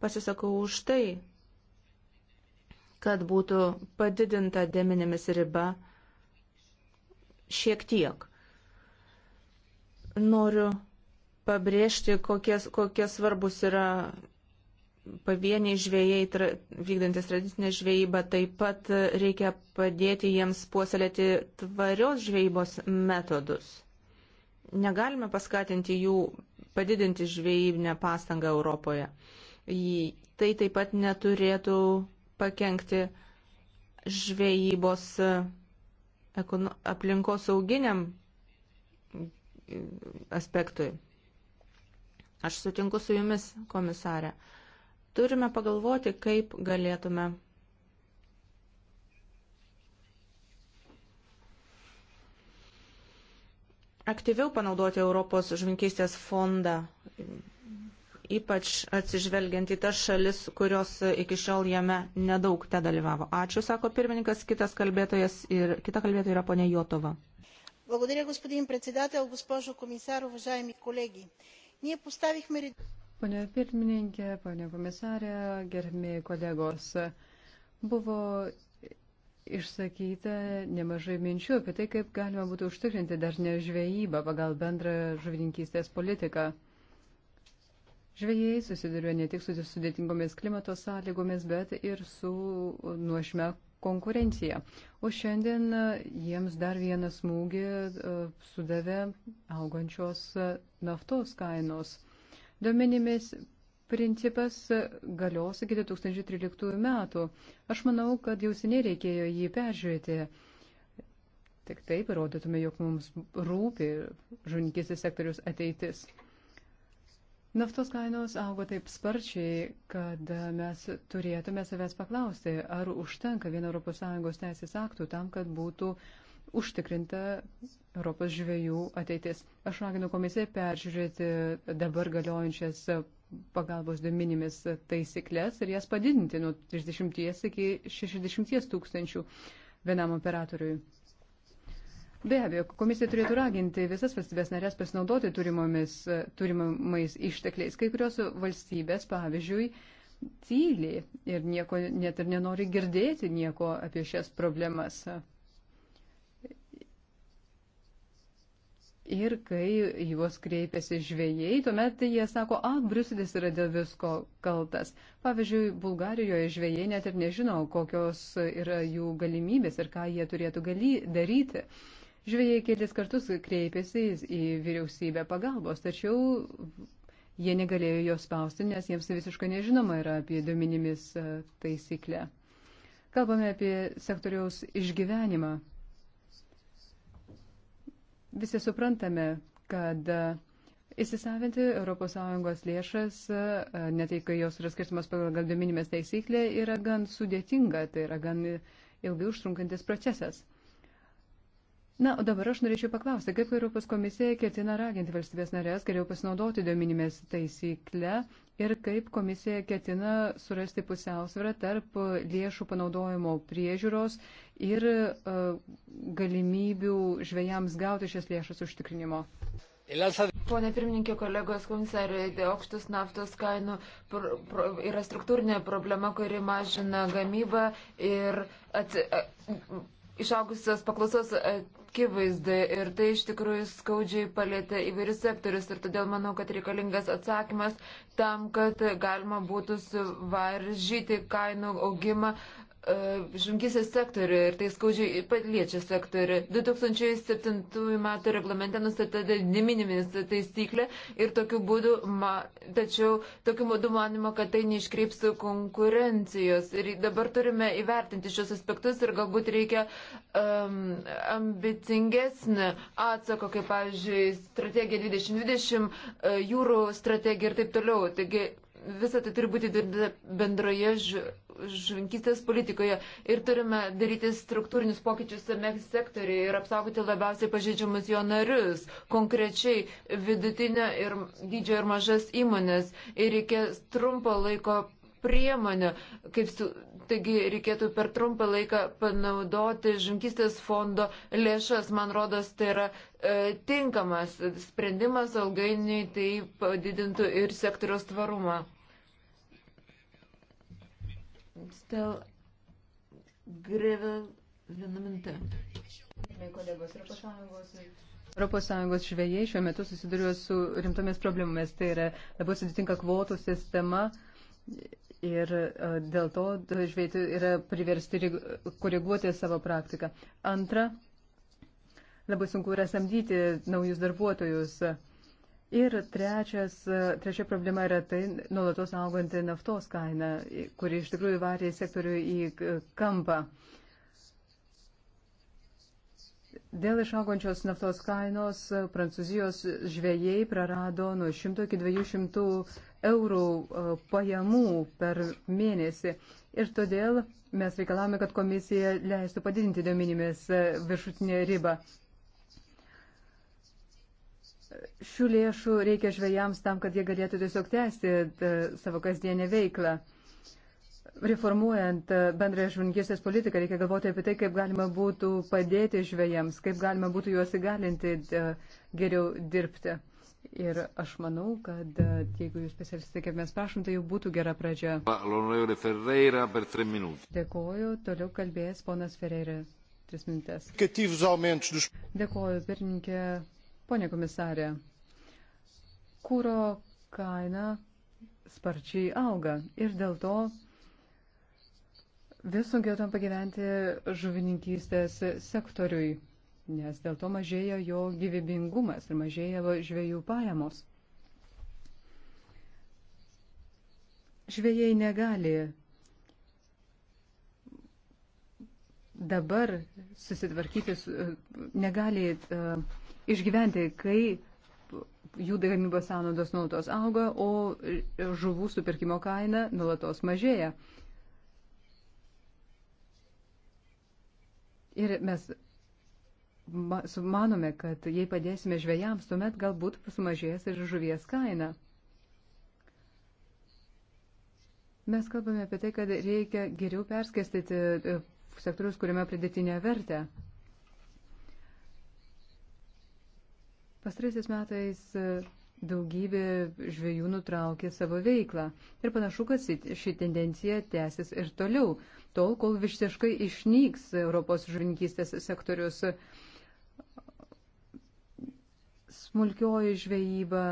Speaker 5: pasisakau už tai, kad būtų padidinta dėminimis riba šiek tiek. Noriu pabrėžti, kokie, kokie svarbus yra pavieniai žvėjai, tra, vykdantis tradicinę žvėjybą, taip pat reikia padėti jiems puoselėti tvarios žvėjybos metodus. Negalime paskatinti jų padidinti žvėjybinę pastangą Europoje. Tai taip pat neturėtų pakengti žvejybos e, aplinkosauginiam e, aspektui. Aš sutinku su jumis, komisarė. Turime pagalvoti, kaip galėtume aktyviau panaudoti Europos žvinkystės fondą ypač atsižvelgiant į tas šalis, kurios iki šiol jame nedaug te dalyvavo. Ačiū, sako pirmininkas, kitas kalbėtojas ir kita kalbėtoja yra ponia Jotova. Благодаря, господин председател, госпожо комисар, уважаеми колеги. Ние поставихме...
Speaker 3: Pane pirmininkė, pane komisarė, gerbimi kolegos, buvo išsakyta nemažai minčių apie tai, kaip galima būtų užtikrinti dar ne žvejybą pagal bendrą žuvininkystės politiką. Žvėjai susiduria ne tik su sudėtingomis klimato sąlygomis, bet ir su nuošme konkurencija. O šiandien e, jiems dar vieną smūgį e, sudavė augančios e, naftos kainos. Domenimis principas galios iki 2013 metų. Aš manau, kad jau seniai reikėjo jį peržiūrėti. Tik taip įrodytume, jog mums rūpi žunikėsis sektorius ateitis. Naftos kainos augo taip sparčiai, kad mes turėtume savęs paklausti, ar užtenka vien ES teisės aktų tam, kad būtų užtikrinta Europos žvėjų ateitis. Aš raginu komisiją peržiūrėti dabar galiojančias pagalbos dominimis taisyklės ir jas padidinti nuo 30 iki 60 tūkstančių vienam operatoriui. Be abejo, komisija turėtų raginti visas valstybės narės pasinaudoti turimamais ištekliais. Kai kurios valstybės, pavyzdžiui, tyli ir nieko, net ir nenori girdėti nieko apie šias problemas. Ir kai juos kreipiasi žvėjai, tuomet jie sako, a, Bruselis yra dėl visko kaltas. Pavyzdžiui, Bulgarijoje žvėjai net ir nežino, kokios yra jų galimybės ir ką jie turėtų gali daryti. Uh, Žvėjai kelis kartus kreipėsi į vyriausybę pagalbos, tačiau jie negalėjo jos spausti, nes jiems visiškai nežinoma yra apie duomenimis e, taisyklę. Kalbame apie sektoriaus išgyvenimą. Visi suprantame, kad e, Įsisavinti ES lėšas, e, net jei kai jos yra skirstimas pagal duomenimis taisyklę, yra gan sudėtinga, tai yra gan ilgai užtrunkantis procesas. Na, o dabar aš norėčiau paklausti, kaip Europos komisija ketina raginti valstybės narės geriau pasinaudoti duomenimės taisyklę ir kaip komisija ketina surasti pusiausvyrą tarp lėšų panaudojimo priežiūros ir uh, galimybių žvėjams gauti šias lėšas užtikrinimo. Pone pirmininkė, kolegos komisarė,
Speaker 2: aukštus naftos kainų pro, pro, yra struktūrinė problema, kuri mažina gamybą ir at, a, išaugusios paklausos. At, akivaizdai ir tai iš tikrųjų skaudžiai palėtė įvairius sektorius ir todėl manau, kad reikalingas atsakymas tam, kad galima būtų suvaržyti kainų augimą E, žungysės sektorių ir tai skaudžiai paliečia sektorių. 2007 metų reglamente nustatyta neminimis taisyklė ir tokiu būdu, ma, tačiau tokiu būdu manimo, kad tai neiškreipsų konkurencijos. Ir dabar turime įvertinti šios aspektus ir galbūt reikia um, ambicingesnį atsako, kaip pavyzdžiui, strategija 2020, e, jūrų strategija ir taip toliau. Taigi visą tai turi būti bendroje žiūrėje žuvinkistės politikoje ir turime daryti struktūrinius pokyčius tame sektoriuje ir apsaugoti labiausiai pažeidžiamus jo narius, konkrečiai vidutinio ir dydžio ir mažas įmonės. Ir reikės trumpo laiko priemonę, kaip su, taigi reikėtų per trumpą laiką panaudoti žuvinkistės fondo lėšas. Man rodos, tai yra e, tinkamas sprendimas, ilgainiui tai padidintų ir sektoriaus tvarumą. Dėl
Speaker 3: Grevel vieną minutę. Europos Sąjungos žvėjai šiuo metu susiduria su rimtomis problemomis. Tai yra labai sudėtinga kvotų sistema ir e, dėl to žvėjai yra priversti koreguoti savo praktiką. Antra, labai sunku yra samdyti naujus darbuotojus. Ir trečias, trečia problema yra tai nuolatos auganti naftos kaina, kuri iš tikrųjų varė sektorių į kampą. Dėl išaugančios naftos kainos prancūzijos žvėjai prarado nuo 100 iki 200 eurų e, pajamų per mėnesį. Ir todėl mes reikalavome, kad komisija leistų padidinti dominimis e, viršutinę ribą Šių lėšų reikia žvėjams tam, kad jie galėtų tiesiog tęsti e, savo kasdienę veiklą. Reformuojant e, bendrąją žvangystės politiką, reikia galvoti apie tai, kaip galima būtų padėti žvėjams, kaip galima būtų juos įgalinti e, geriau dirbti. Ir aš manau, kad jeigu jūs pasielgsite, kaip mes prašom, tai jau būtų gera pradžia. Dėkoju, toliau kalbės ponas Ferreira. Dėkoju, pirmininkė. Pone komisarė, kūro kaina sparčiai auga ir dėl to vis sunkiau tam pagyventi žuvininkystės sektoriui, nes dėl to mažėja jo gyvybingumas ir mažėja žvėjų pajamos. Žvėjai negali dabar susitvarkyti, negali uh, išgyventi, kai jų gamybos sąnaudos nuolatos auga, o žuvų supirkimo kaina nuolatos mažėja. Ir mes manome, kad jei padėsime žvėjams, tuomet galbūt sumažės ir žuvies kaina. Mes kalbame apie tai, kad reikia geriau perskestyti e, sektorius, kuriame pridėtinė vertė. Pastaraisiais metais e, daugybė žvėjų nutraukė savo veiklą ir panašu, kad ši tendencija tęsis ir toliau, tol, kol visiškai išnyks Europos žuvininkystės sektorius. Smulkioji žvejyba,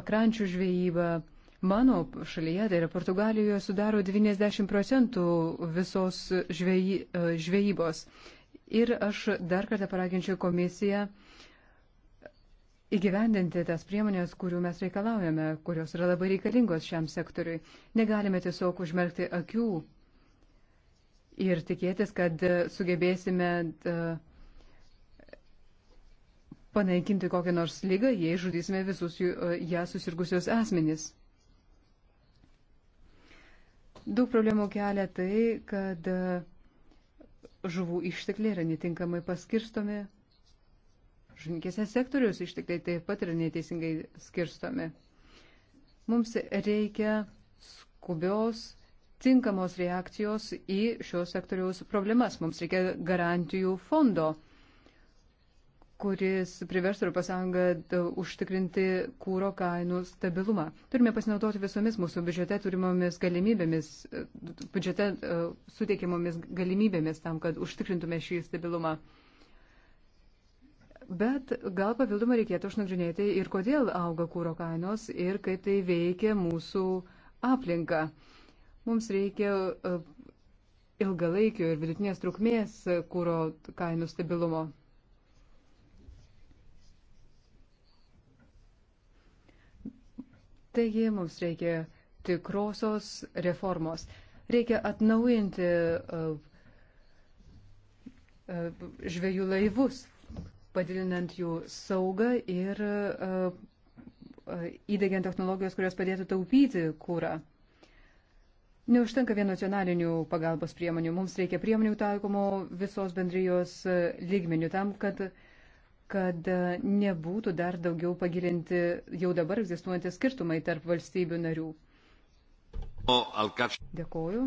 Speaker 3: pakrančių žvejyba. Mano šalyje, tai yra Portugalijoje, sudaro 90 procentų visos žvej, e, žvejybos. Ir aš dar kartą paraginčiau komisiją uh, įgyvendinti tas priemonės, kurių mes reikalaujame, kurios yra labai reikalingos šiam sektoriui. Negalime tiesiog užmerkti akių ir tikėtis, kad e, sugebėsime e, panaikinti kokią nors lygą, jei žudysime visus e, ją susirgusios asmenys. Daug problemų kelia tai, kad žuvų ištekliai yra netinkamai paskirstomi žininkėse sektorius ištikliai taip pat yra neteisingai skirstomi. Mums reikia skubios, tinkamos reakcijos į šios sektoriaus problemas. Mums reikia garantijų fondo kuris priverstų Europos Sąjungą užtikrinti kūro kainų stabilumą. Turime pasinaudoti visomis mūsų biudžete turimomis galimybėmis, biudžete e, suteikiamomis galimybėmis tam, kad užtikrintume šį stabilumą. Bet gal papildomai reikėtų išnagrinėti ir kodėl auga kūro kainos ir kaip tai veikia mūsų aplinką. Mums reikia e, ilgalaikio ir vidutinės trukmės kūro kainų stabilumo. Taigi mums reikia tikrosios reformos. Reikia atnaujinti e, e, žvėjų laivus, padidinant jų saugą ir e, e, įdėgiant technologijos, kurios padėtų taupyti kūrą. Neužtenka vien nacionalinių pagalbos priemonių, mums reikia priemonių taikomo visos bendrijos e, lygmenių tam, kad, kad nebūtų dar daugiau pagilinti jau dabar egzistuojantys skirtumai tarp valstybių narių. Dėkoju.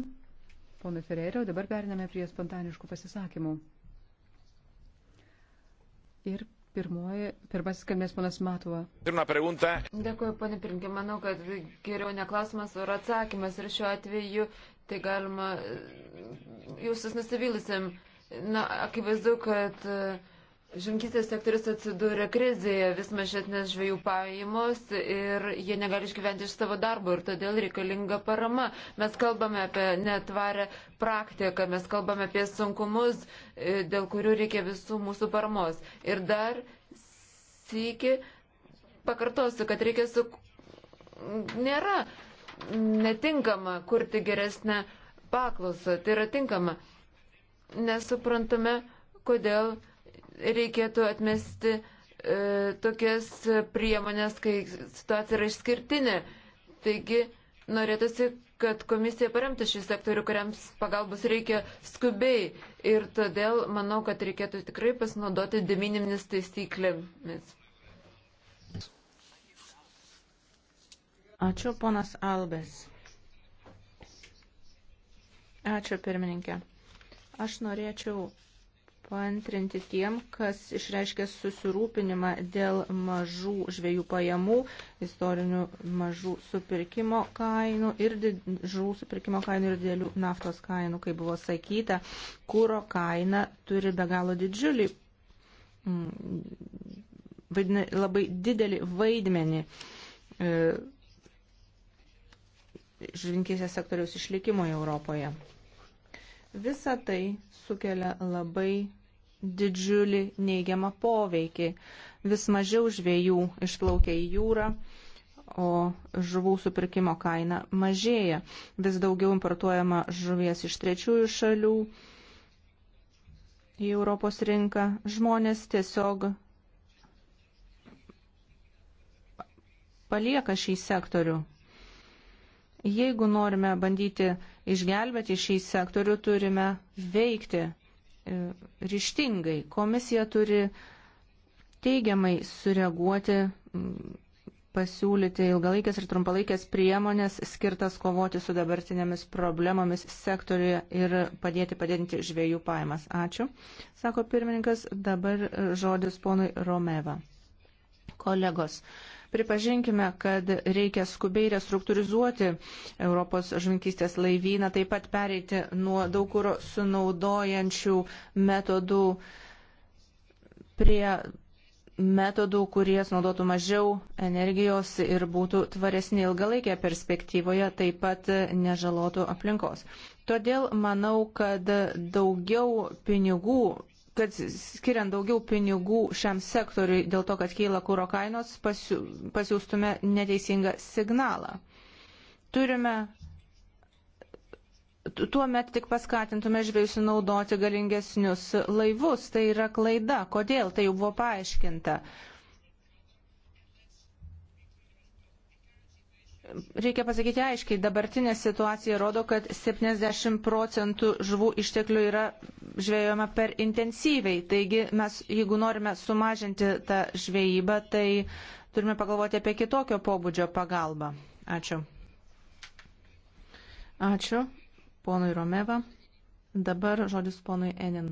Speaker 3: Pono Ferreiro, dabar periname prie spontaniškų pasisakymų. Ir pirmoji, pirmasis kalbės ponas Matuva.
Speaker 1: Pirmą preguntą.
Speaker 3: Dėkuoju, ponė
Speaker 2: Pirinkė. Manau, kad geriau neklausimas, o atsakymas. Ir šiuo atveju tai galima jaustis nusivylusiam. Na, akivaizdu, kad uh, Žemkistės sektorius atsidūrė krizėje, vis mažesnės žvėjų pajamos ir jie negali išgyventi iš savo darbo ir todėl reikalinga parama. Mes kalbame apie netvarę praktiką, mes kalbame apie sunkumus, e, dėl kurių reikia visų mūsų paramos. Ir dar sėki pakartosiu, kad reikia su... Nėra netinkama kurti geresnę paklausą, tai yra tinkama. Nesuprantame, kodėl reikėtų atmesti e, tokias priemonės, kai situacija yra išskirtinė. Taigi norėtųsi, kad komisija paremtų šį sektorių, kuriams pagalbos reikia skubiai. Ir todėl manau, kad reikėtų tikrai pasinaudoti deminiminis taisyklėmis.
Speaker 5: Ačiū, ponas Albės. Ačiū, pirmininkė. Aš norėčiau paantrinti tiem, kas išreiškė susirūpinimą dėl mažų žvėjų pajamų, istorinių mažų supirkimo kainų ir žuvų supirkimo kainų ir didelių naftos kainų, kaip buvo sakyta, kūro kaina turi be galo didžiulį mm, vaidina labai didelį vaidmenį e, žvinkysės sektoriaus išlikimo Europoje. Visa tai sukelia labai didžiulį neigiamą poveikį. Vis mažiau žviejų išplaukia į jūrą, o žuvų supirkimo kaina mažėja. Vis daugiau importuojama žuvies iš trečiųjų šalių į Europos rinką. Žmonės tiesiog palieka šį sektorių. Jeigu norime bandyti išgelbėti šį sektorių, turime veikti E, ryštingai. Komisija turi teigiamai sureaguoti, pasiūlyti ilgalaikės ir trumpalaikės priemonės skirtas kovoti su dabartinėmis problemomis sektoriuje ir padėti padidinti žvėjų pajamas. Ačiū. Sako pirmininkas, dabar žodis ponui Romeva. Kolegos, pripažinkime, kad reikia skubiai restruktūrizuoti Europos žvinkystės laivyną, taip pat pereiti nuo daug kur sunaudojančių metodų prie metodų, kurie sunaudotų mažiau energijos ir būtų tvaresni ilgalaikėje perspektyvoje, taip pat nežalotų aplinkos. Todėl manau, kad daugiau pinigų kad skiriant daugiau pinigų šiam sektoriui dėl to, kad keila kūro kainos, pasiūstume neteisingą signalą. Turime tuomet tik paskatintume žvėjus naudoti galingesnius laivus. Tai yra klaida. Kodėl? Tai jau buvo paaiškinta. Reikia pasakyti aiškiai, dabartinė situacija rodo, kad 70 procentų žuvų išteklių yra žvėjojama per intensyviai. Taigi mes, jeigu norime sumažinti tą žvėjybą, tai turime pagalvoti apie kitokio pobūdžio pagalbą. Ačiū. Ačiū, ponui Romeva. Dabar žodis ponui Enin.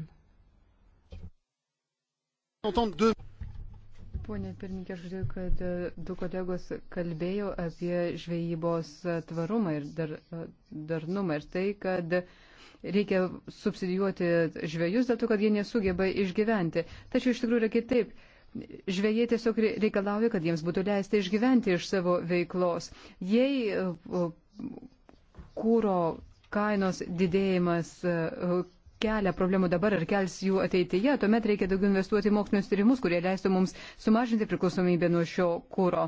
Speaker 3: Pone pirmininkė, aš žiūrėjau, kad e, du kolegos kalbėjo apie žvejybos e, tvarumą ir dar, e, darnumą ir tai, kad reikia subsidijuoti žvėjus dėl to, kad jie nesugeba išgyventi. Tačiau iš tikrųjų yra kitaip. Žvėjai tiesiog reikalauja, kad jiems būtų leista išgyventi iš savo veiklos. Jei kūro kainos didėjimas kelia problemų dabar ir kels jų ateityje, tuomet reikia daugiau investuoti į mokslinius tyrimus, kurie leistų mums sumažinti priklausomybę nuo šio kūro.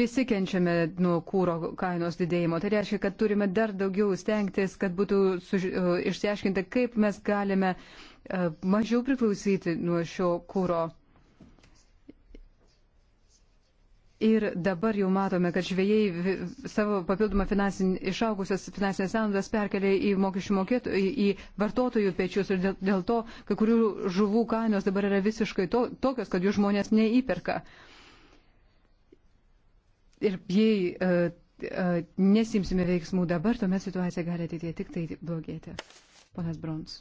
Speaker 3: Visi kenčiame nuo kūro kainos didėjimo. Tai reiškia, kad turime dar daugiau stengtis, kad būtų suž... E, išsiaiškinta, kaip mes galime e, mažiau priklausyti nuo šio kūro. Ir dabar jau matome, kad žvėjai savo papildomą finansinį, išaugusias finansinės sąnaudas perkelia į mokesčių mokėtojų, į, į vartotojų pečius ir dėl, dėl to, kai kurių žuvų kainos dabar yra visiškai to, tokios, kad jų žmonės neįperka. Ir jei uh, uh, nesimsime veiksmų dabar, tuomet situacija gali ateityje tik tai blogėti. Ponas Brons.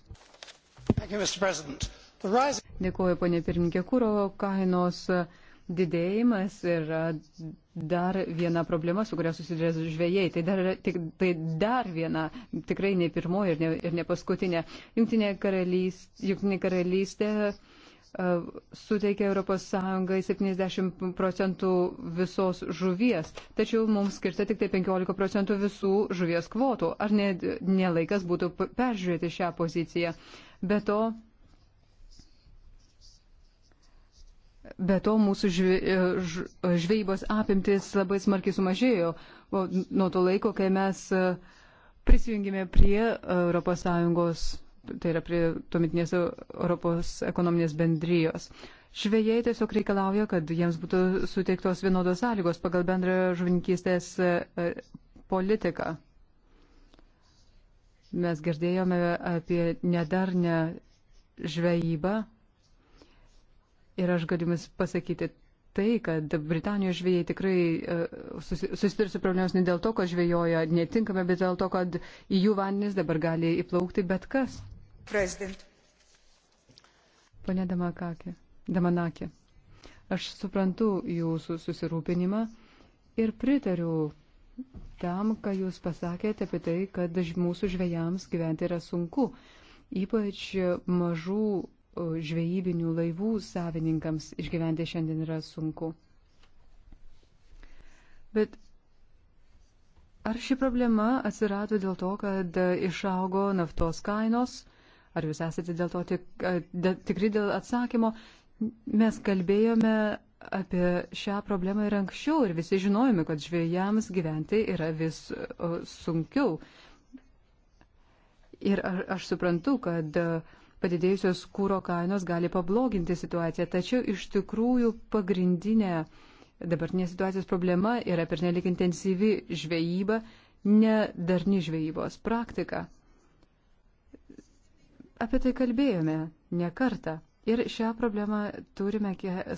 Speaker 3: Dėkuoju, ponė pirmininkė, kūro kainos. Uh, didėjimas yra dar viena problema, su kuria susiduria žvėjai. Tai dar, tik, tai dar viena, tikrai ne pirmoji ir ne, ir ne paskutinė. Junktinė karalystė, Junktinė karalystė uh, suteikia ES 70 procentų visos žuvies, tačiau mums skirta tik tai 15 procentų visų žuvies kvotų. Ar nelaikas ne, ne būtų peržiūrėti šią poziciją? Be to, Be to, mūsų e, e, žvejybos apimtis labai smarkiai sumažėjo nuo to laiko, kai mes e, prisijungėme prie ES, tai yra prie tuometinės Europos ekonominės bendrijos. Žvėjai tiesiog reikalauja, kad jiems būtų suteiktos vienodos sąlygos pagal bendrą žuvininkystės politiką. Mes girdėjome apie nedarnę žvejybą Ir aš galiu jums pasakyti tai, kad Britanijos žvėjai tikrai e, susiduria su problemas ne dėl to, kad žvėjojo netinkamai, bet dėl to, kad į jų vandenis dabar gali įplaukti bet kas. President. Pane Damakakė, Damanakė, aš suprantu jūsų susirūpinimą ir pritariu tam, ką jūs pasakėte apie tai, kad mūsų žvėjams gyventi yra sunku, ypač mažų žvejybinių laivų savininkams išgyventi šiandien yra sunku. Bet ar ši problema atsirado dėl to, kad išaugo naftos kainos? Ar jūs esate dėl to tik, tikri dėl atsakymo? Mes kalbėjome apie šią problemą ir anksčiau ir visi žinojome, kad žvėjams gyventi yra vis sunkiau. Ir aš suprantu, kad uh, padidėjusios kūro kainos gali pabloginti situaciją, tačiau iš tikrųjų pagrindinė dabartinės situacijos problema yra pernelik intensyvi žvejyba, nedarni žvejybos praktika. Apie tai kalbėjome ne kartą ir šią problemą turime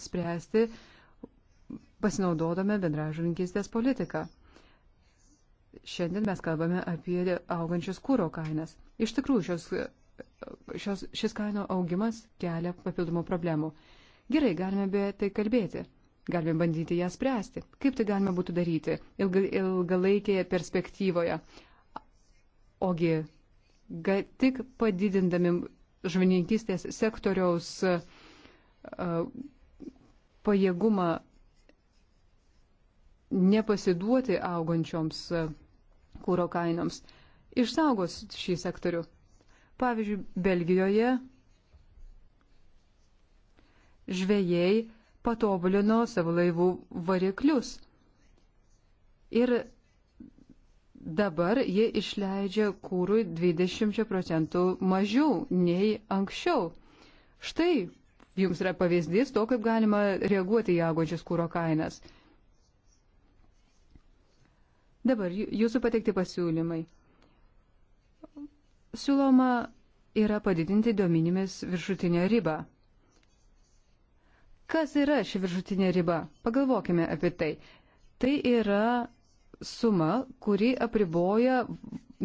Speaker 3: spręsti pasinaudodami bendražininkistės politiką. Šiandien mes kalbame apie augančius kūro kainas. Iš tikrųjų, šios šios, šis kainų augimas kelia papildomų problemų. Gerai, galime apie tai kalbėti, galime bandyti ją spręsti. Kaip tai galima būtų daryti ilga, ilgalaikėje perspektyvoje? Ogi ga, tik padidindami žvininkistės sektoriaus uh, pajėgumą nepasiduoti augančioms kūro kainoms, išsaugos šį sektorių. Pavyzdžiui, Belgijoje žvėjai patobulino savo laivų variklius. Ir dabar jie išleidžia kūrui 20 procentų mažiau nei anksčiau. Štai jums yra pavyzdys to, kaip galima reaguoti į augančias kūro kainas. Dabar jūsų pateikti pasiūlymai siūloma yra padidinti duomenimis viršutinę ribą. Kas yra ši viršutinė riba? Pagalvokime apie tai. Tai yra suma, kuri apriboja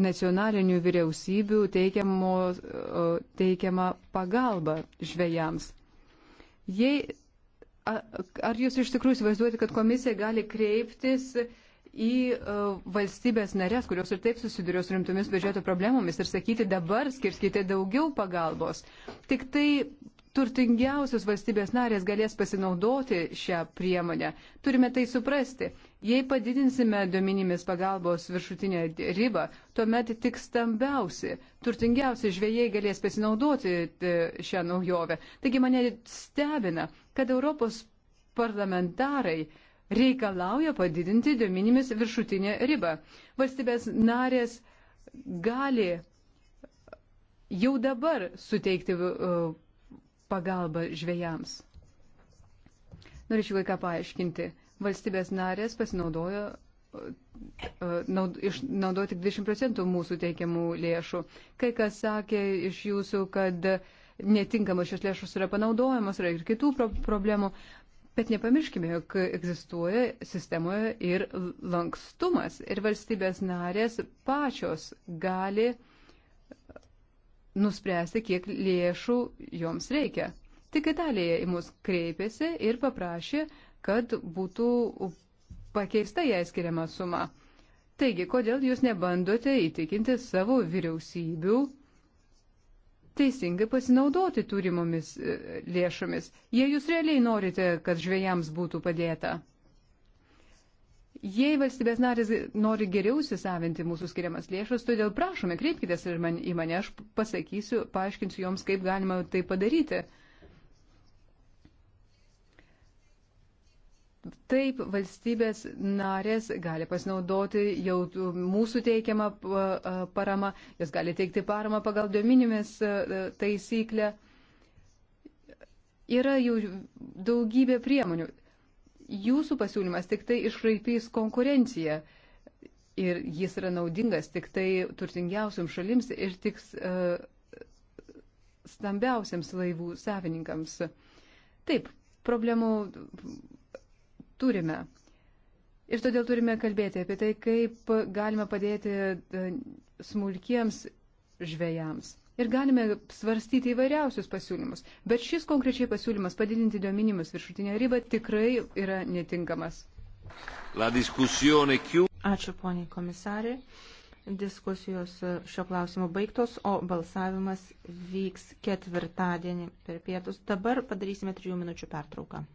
Speaker 3: nacionalinių vyriausybių teikiamo, teikiamą pagalbą žvėjams. Jei, ar jūs iš tikrųjų įsivaizduojate, kad komisija gali kreiptis uh, į e, valstybės narės, kurios ir taip susiduria su rimtomis biudžeto problemomis ir sakyti dabar skirskite daugiau pagalbos. Tik tai turtingiausios valstybės narės galės pasinaudoti šią priemonę. Turime tai suprasti. Jei padidinsime duomenimis pagalbos viršutinę ribą, tuomet tik stambiausi, turtingiausi žvėjai galės pasinaudoti e, šią naujovę. Taigi mane stebina, kad Europos parlamentarai reikalauja padidinti dominimis viršutinę ribą. Valstybės narės gali jau dabar suteikti e, pagalbą žvėjams. Norėčiau kai ką paaiškinti. Valstybės narės pasinaudojo e, naud, išnaudoti 20 procentų mūsų teikiamų lėšų. Kai kas sakė iš jūsų, kad netinkamas šios lėšos yra panaudojamos, yra ir kitų pro problemų. Bet nepamirškime, jog egzistuoja sistemoje ir lankstumas ir valstybės narės pačios gali nuspręsti, kiek lėšų joms reikia. Tik Italija į mus kreipėsi ir paprašė, kad būtų pakeista jai skiriama suma. Taigi, kodėl jūs nebandote įtikinti savo vyriausybių teisingai pasinaudoti turimomis e, lėšomis, jei jūs realiai norite, kad žvėjams būtų padėta. Jei valstybės narės nori geriau įsisavinti mūsų skiriamas lėšas, todėl prašome, kreipkitės ir man, į mane, aš pasakysiu, paaiškinsiu joms, kaip galima tai padaryti. Taip valstybės narės gali pasinaudoti jau mūsų teikiamą paramą, jos gali teikti paramą pagal duomenimis taisyklę. Yra jau daugybė priemonių. Jūsų pasiūlymas tik tai išraipys konkurenciją ir jis yra naudingas tik tai turtingiausiam šalims ir tik stambiausiams laivų savininkams. Taip, problemų turime. Ir todėl turime kalbėti apie tai, kaip galime padėti e, smulkiems žvėjams. Ir galime svarstyti įvairiausius pasiūlymus. Bet šis konkrečiai pasiūlymas padidinti dominimus viršutinę ribą tikrai yra netinkamas.
Speaker 1: Ačiū
Speaker 3: poniai komisarė.
Speaker 5: Diskusijos šio klausimo baigtos, o balsavimas vyks ketvirtadienį per pietus. Dabar padarysime trijų minučių pertrauką.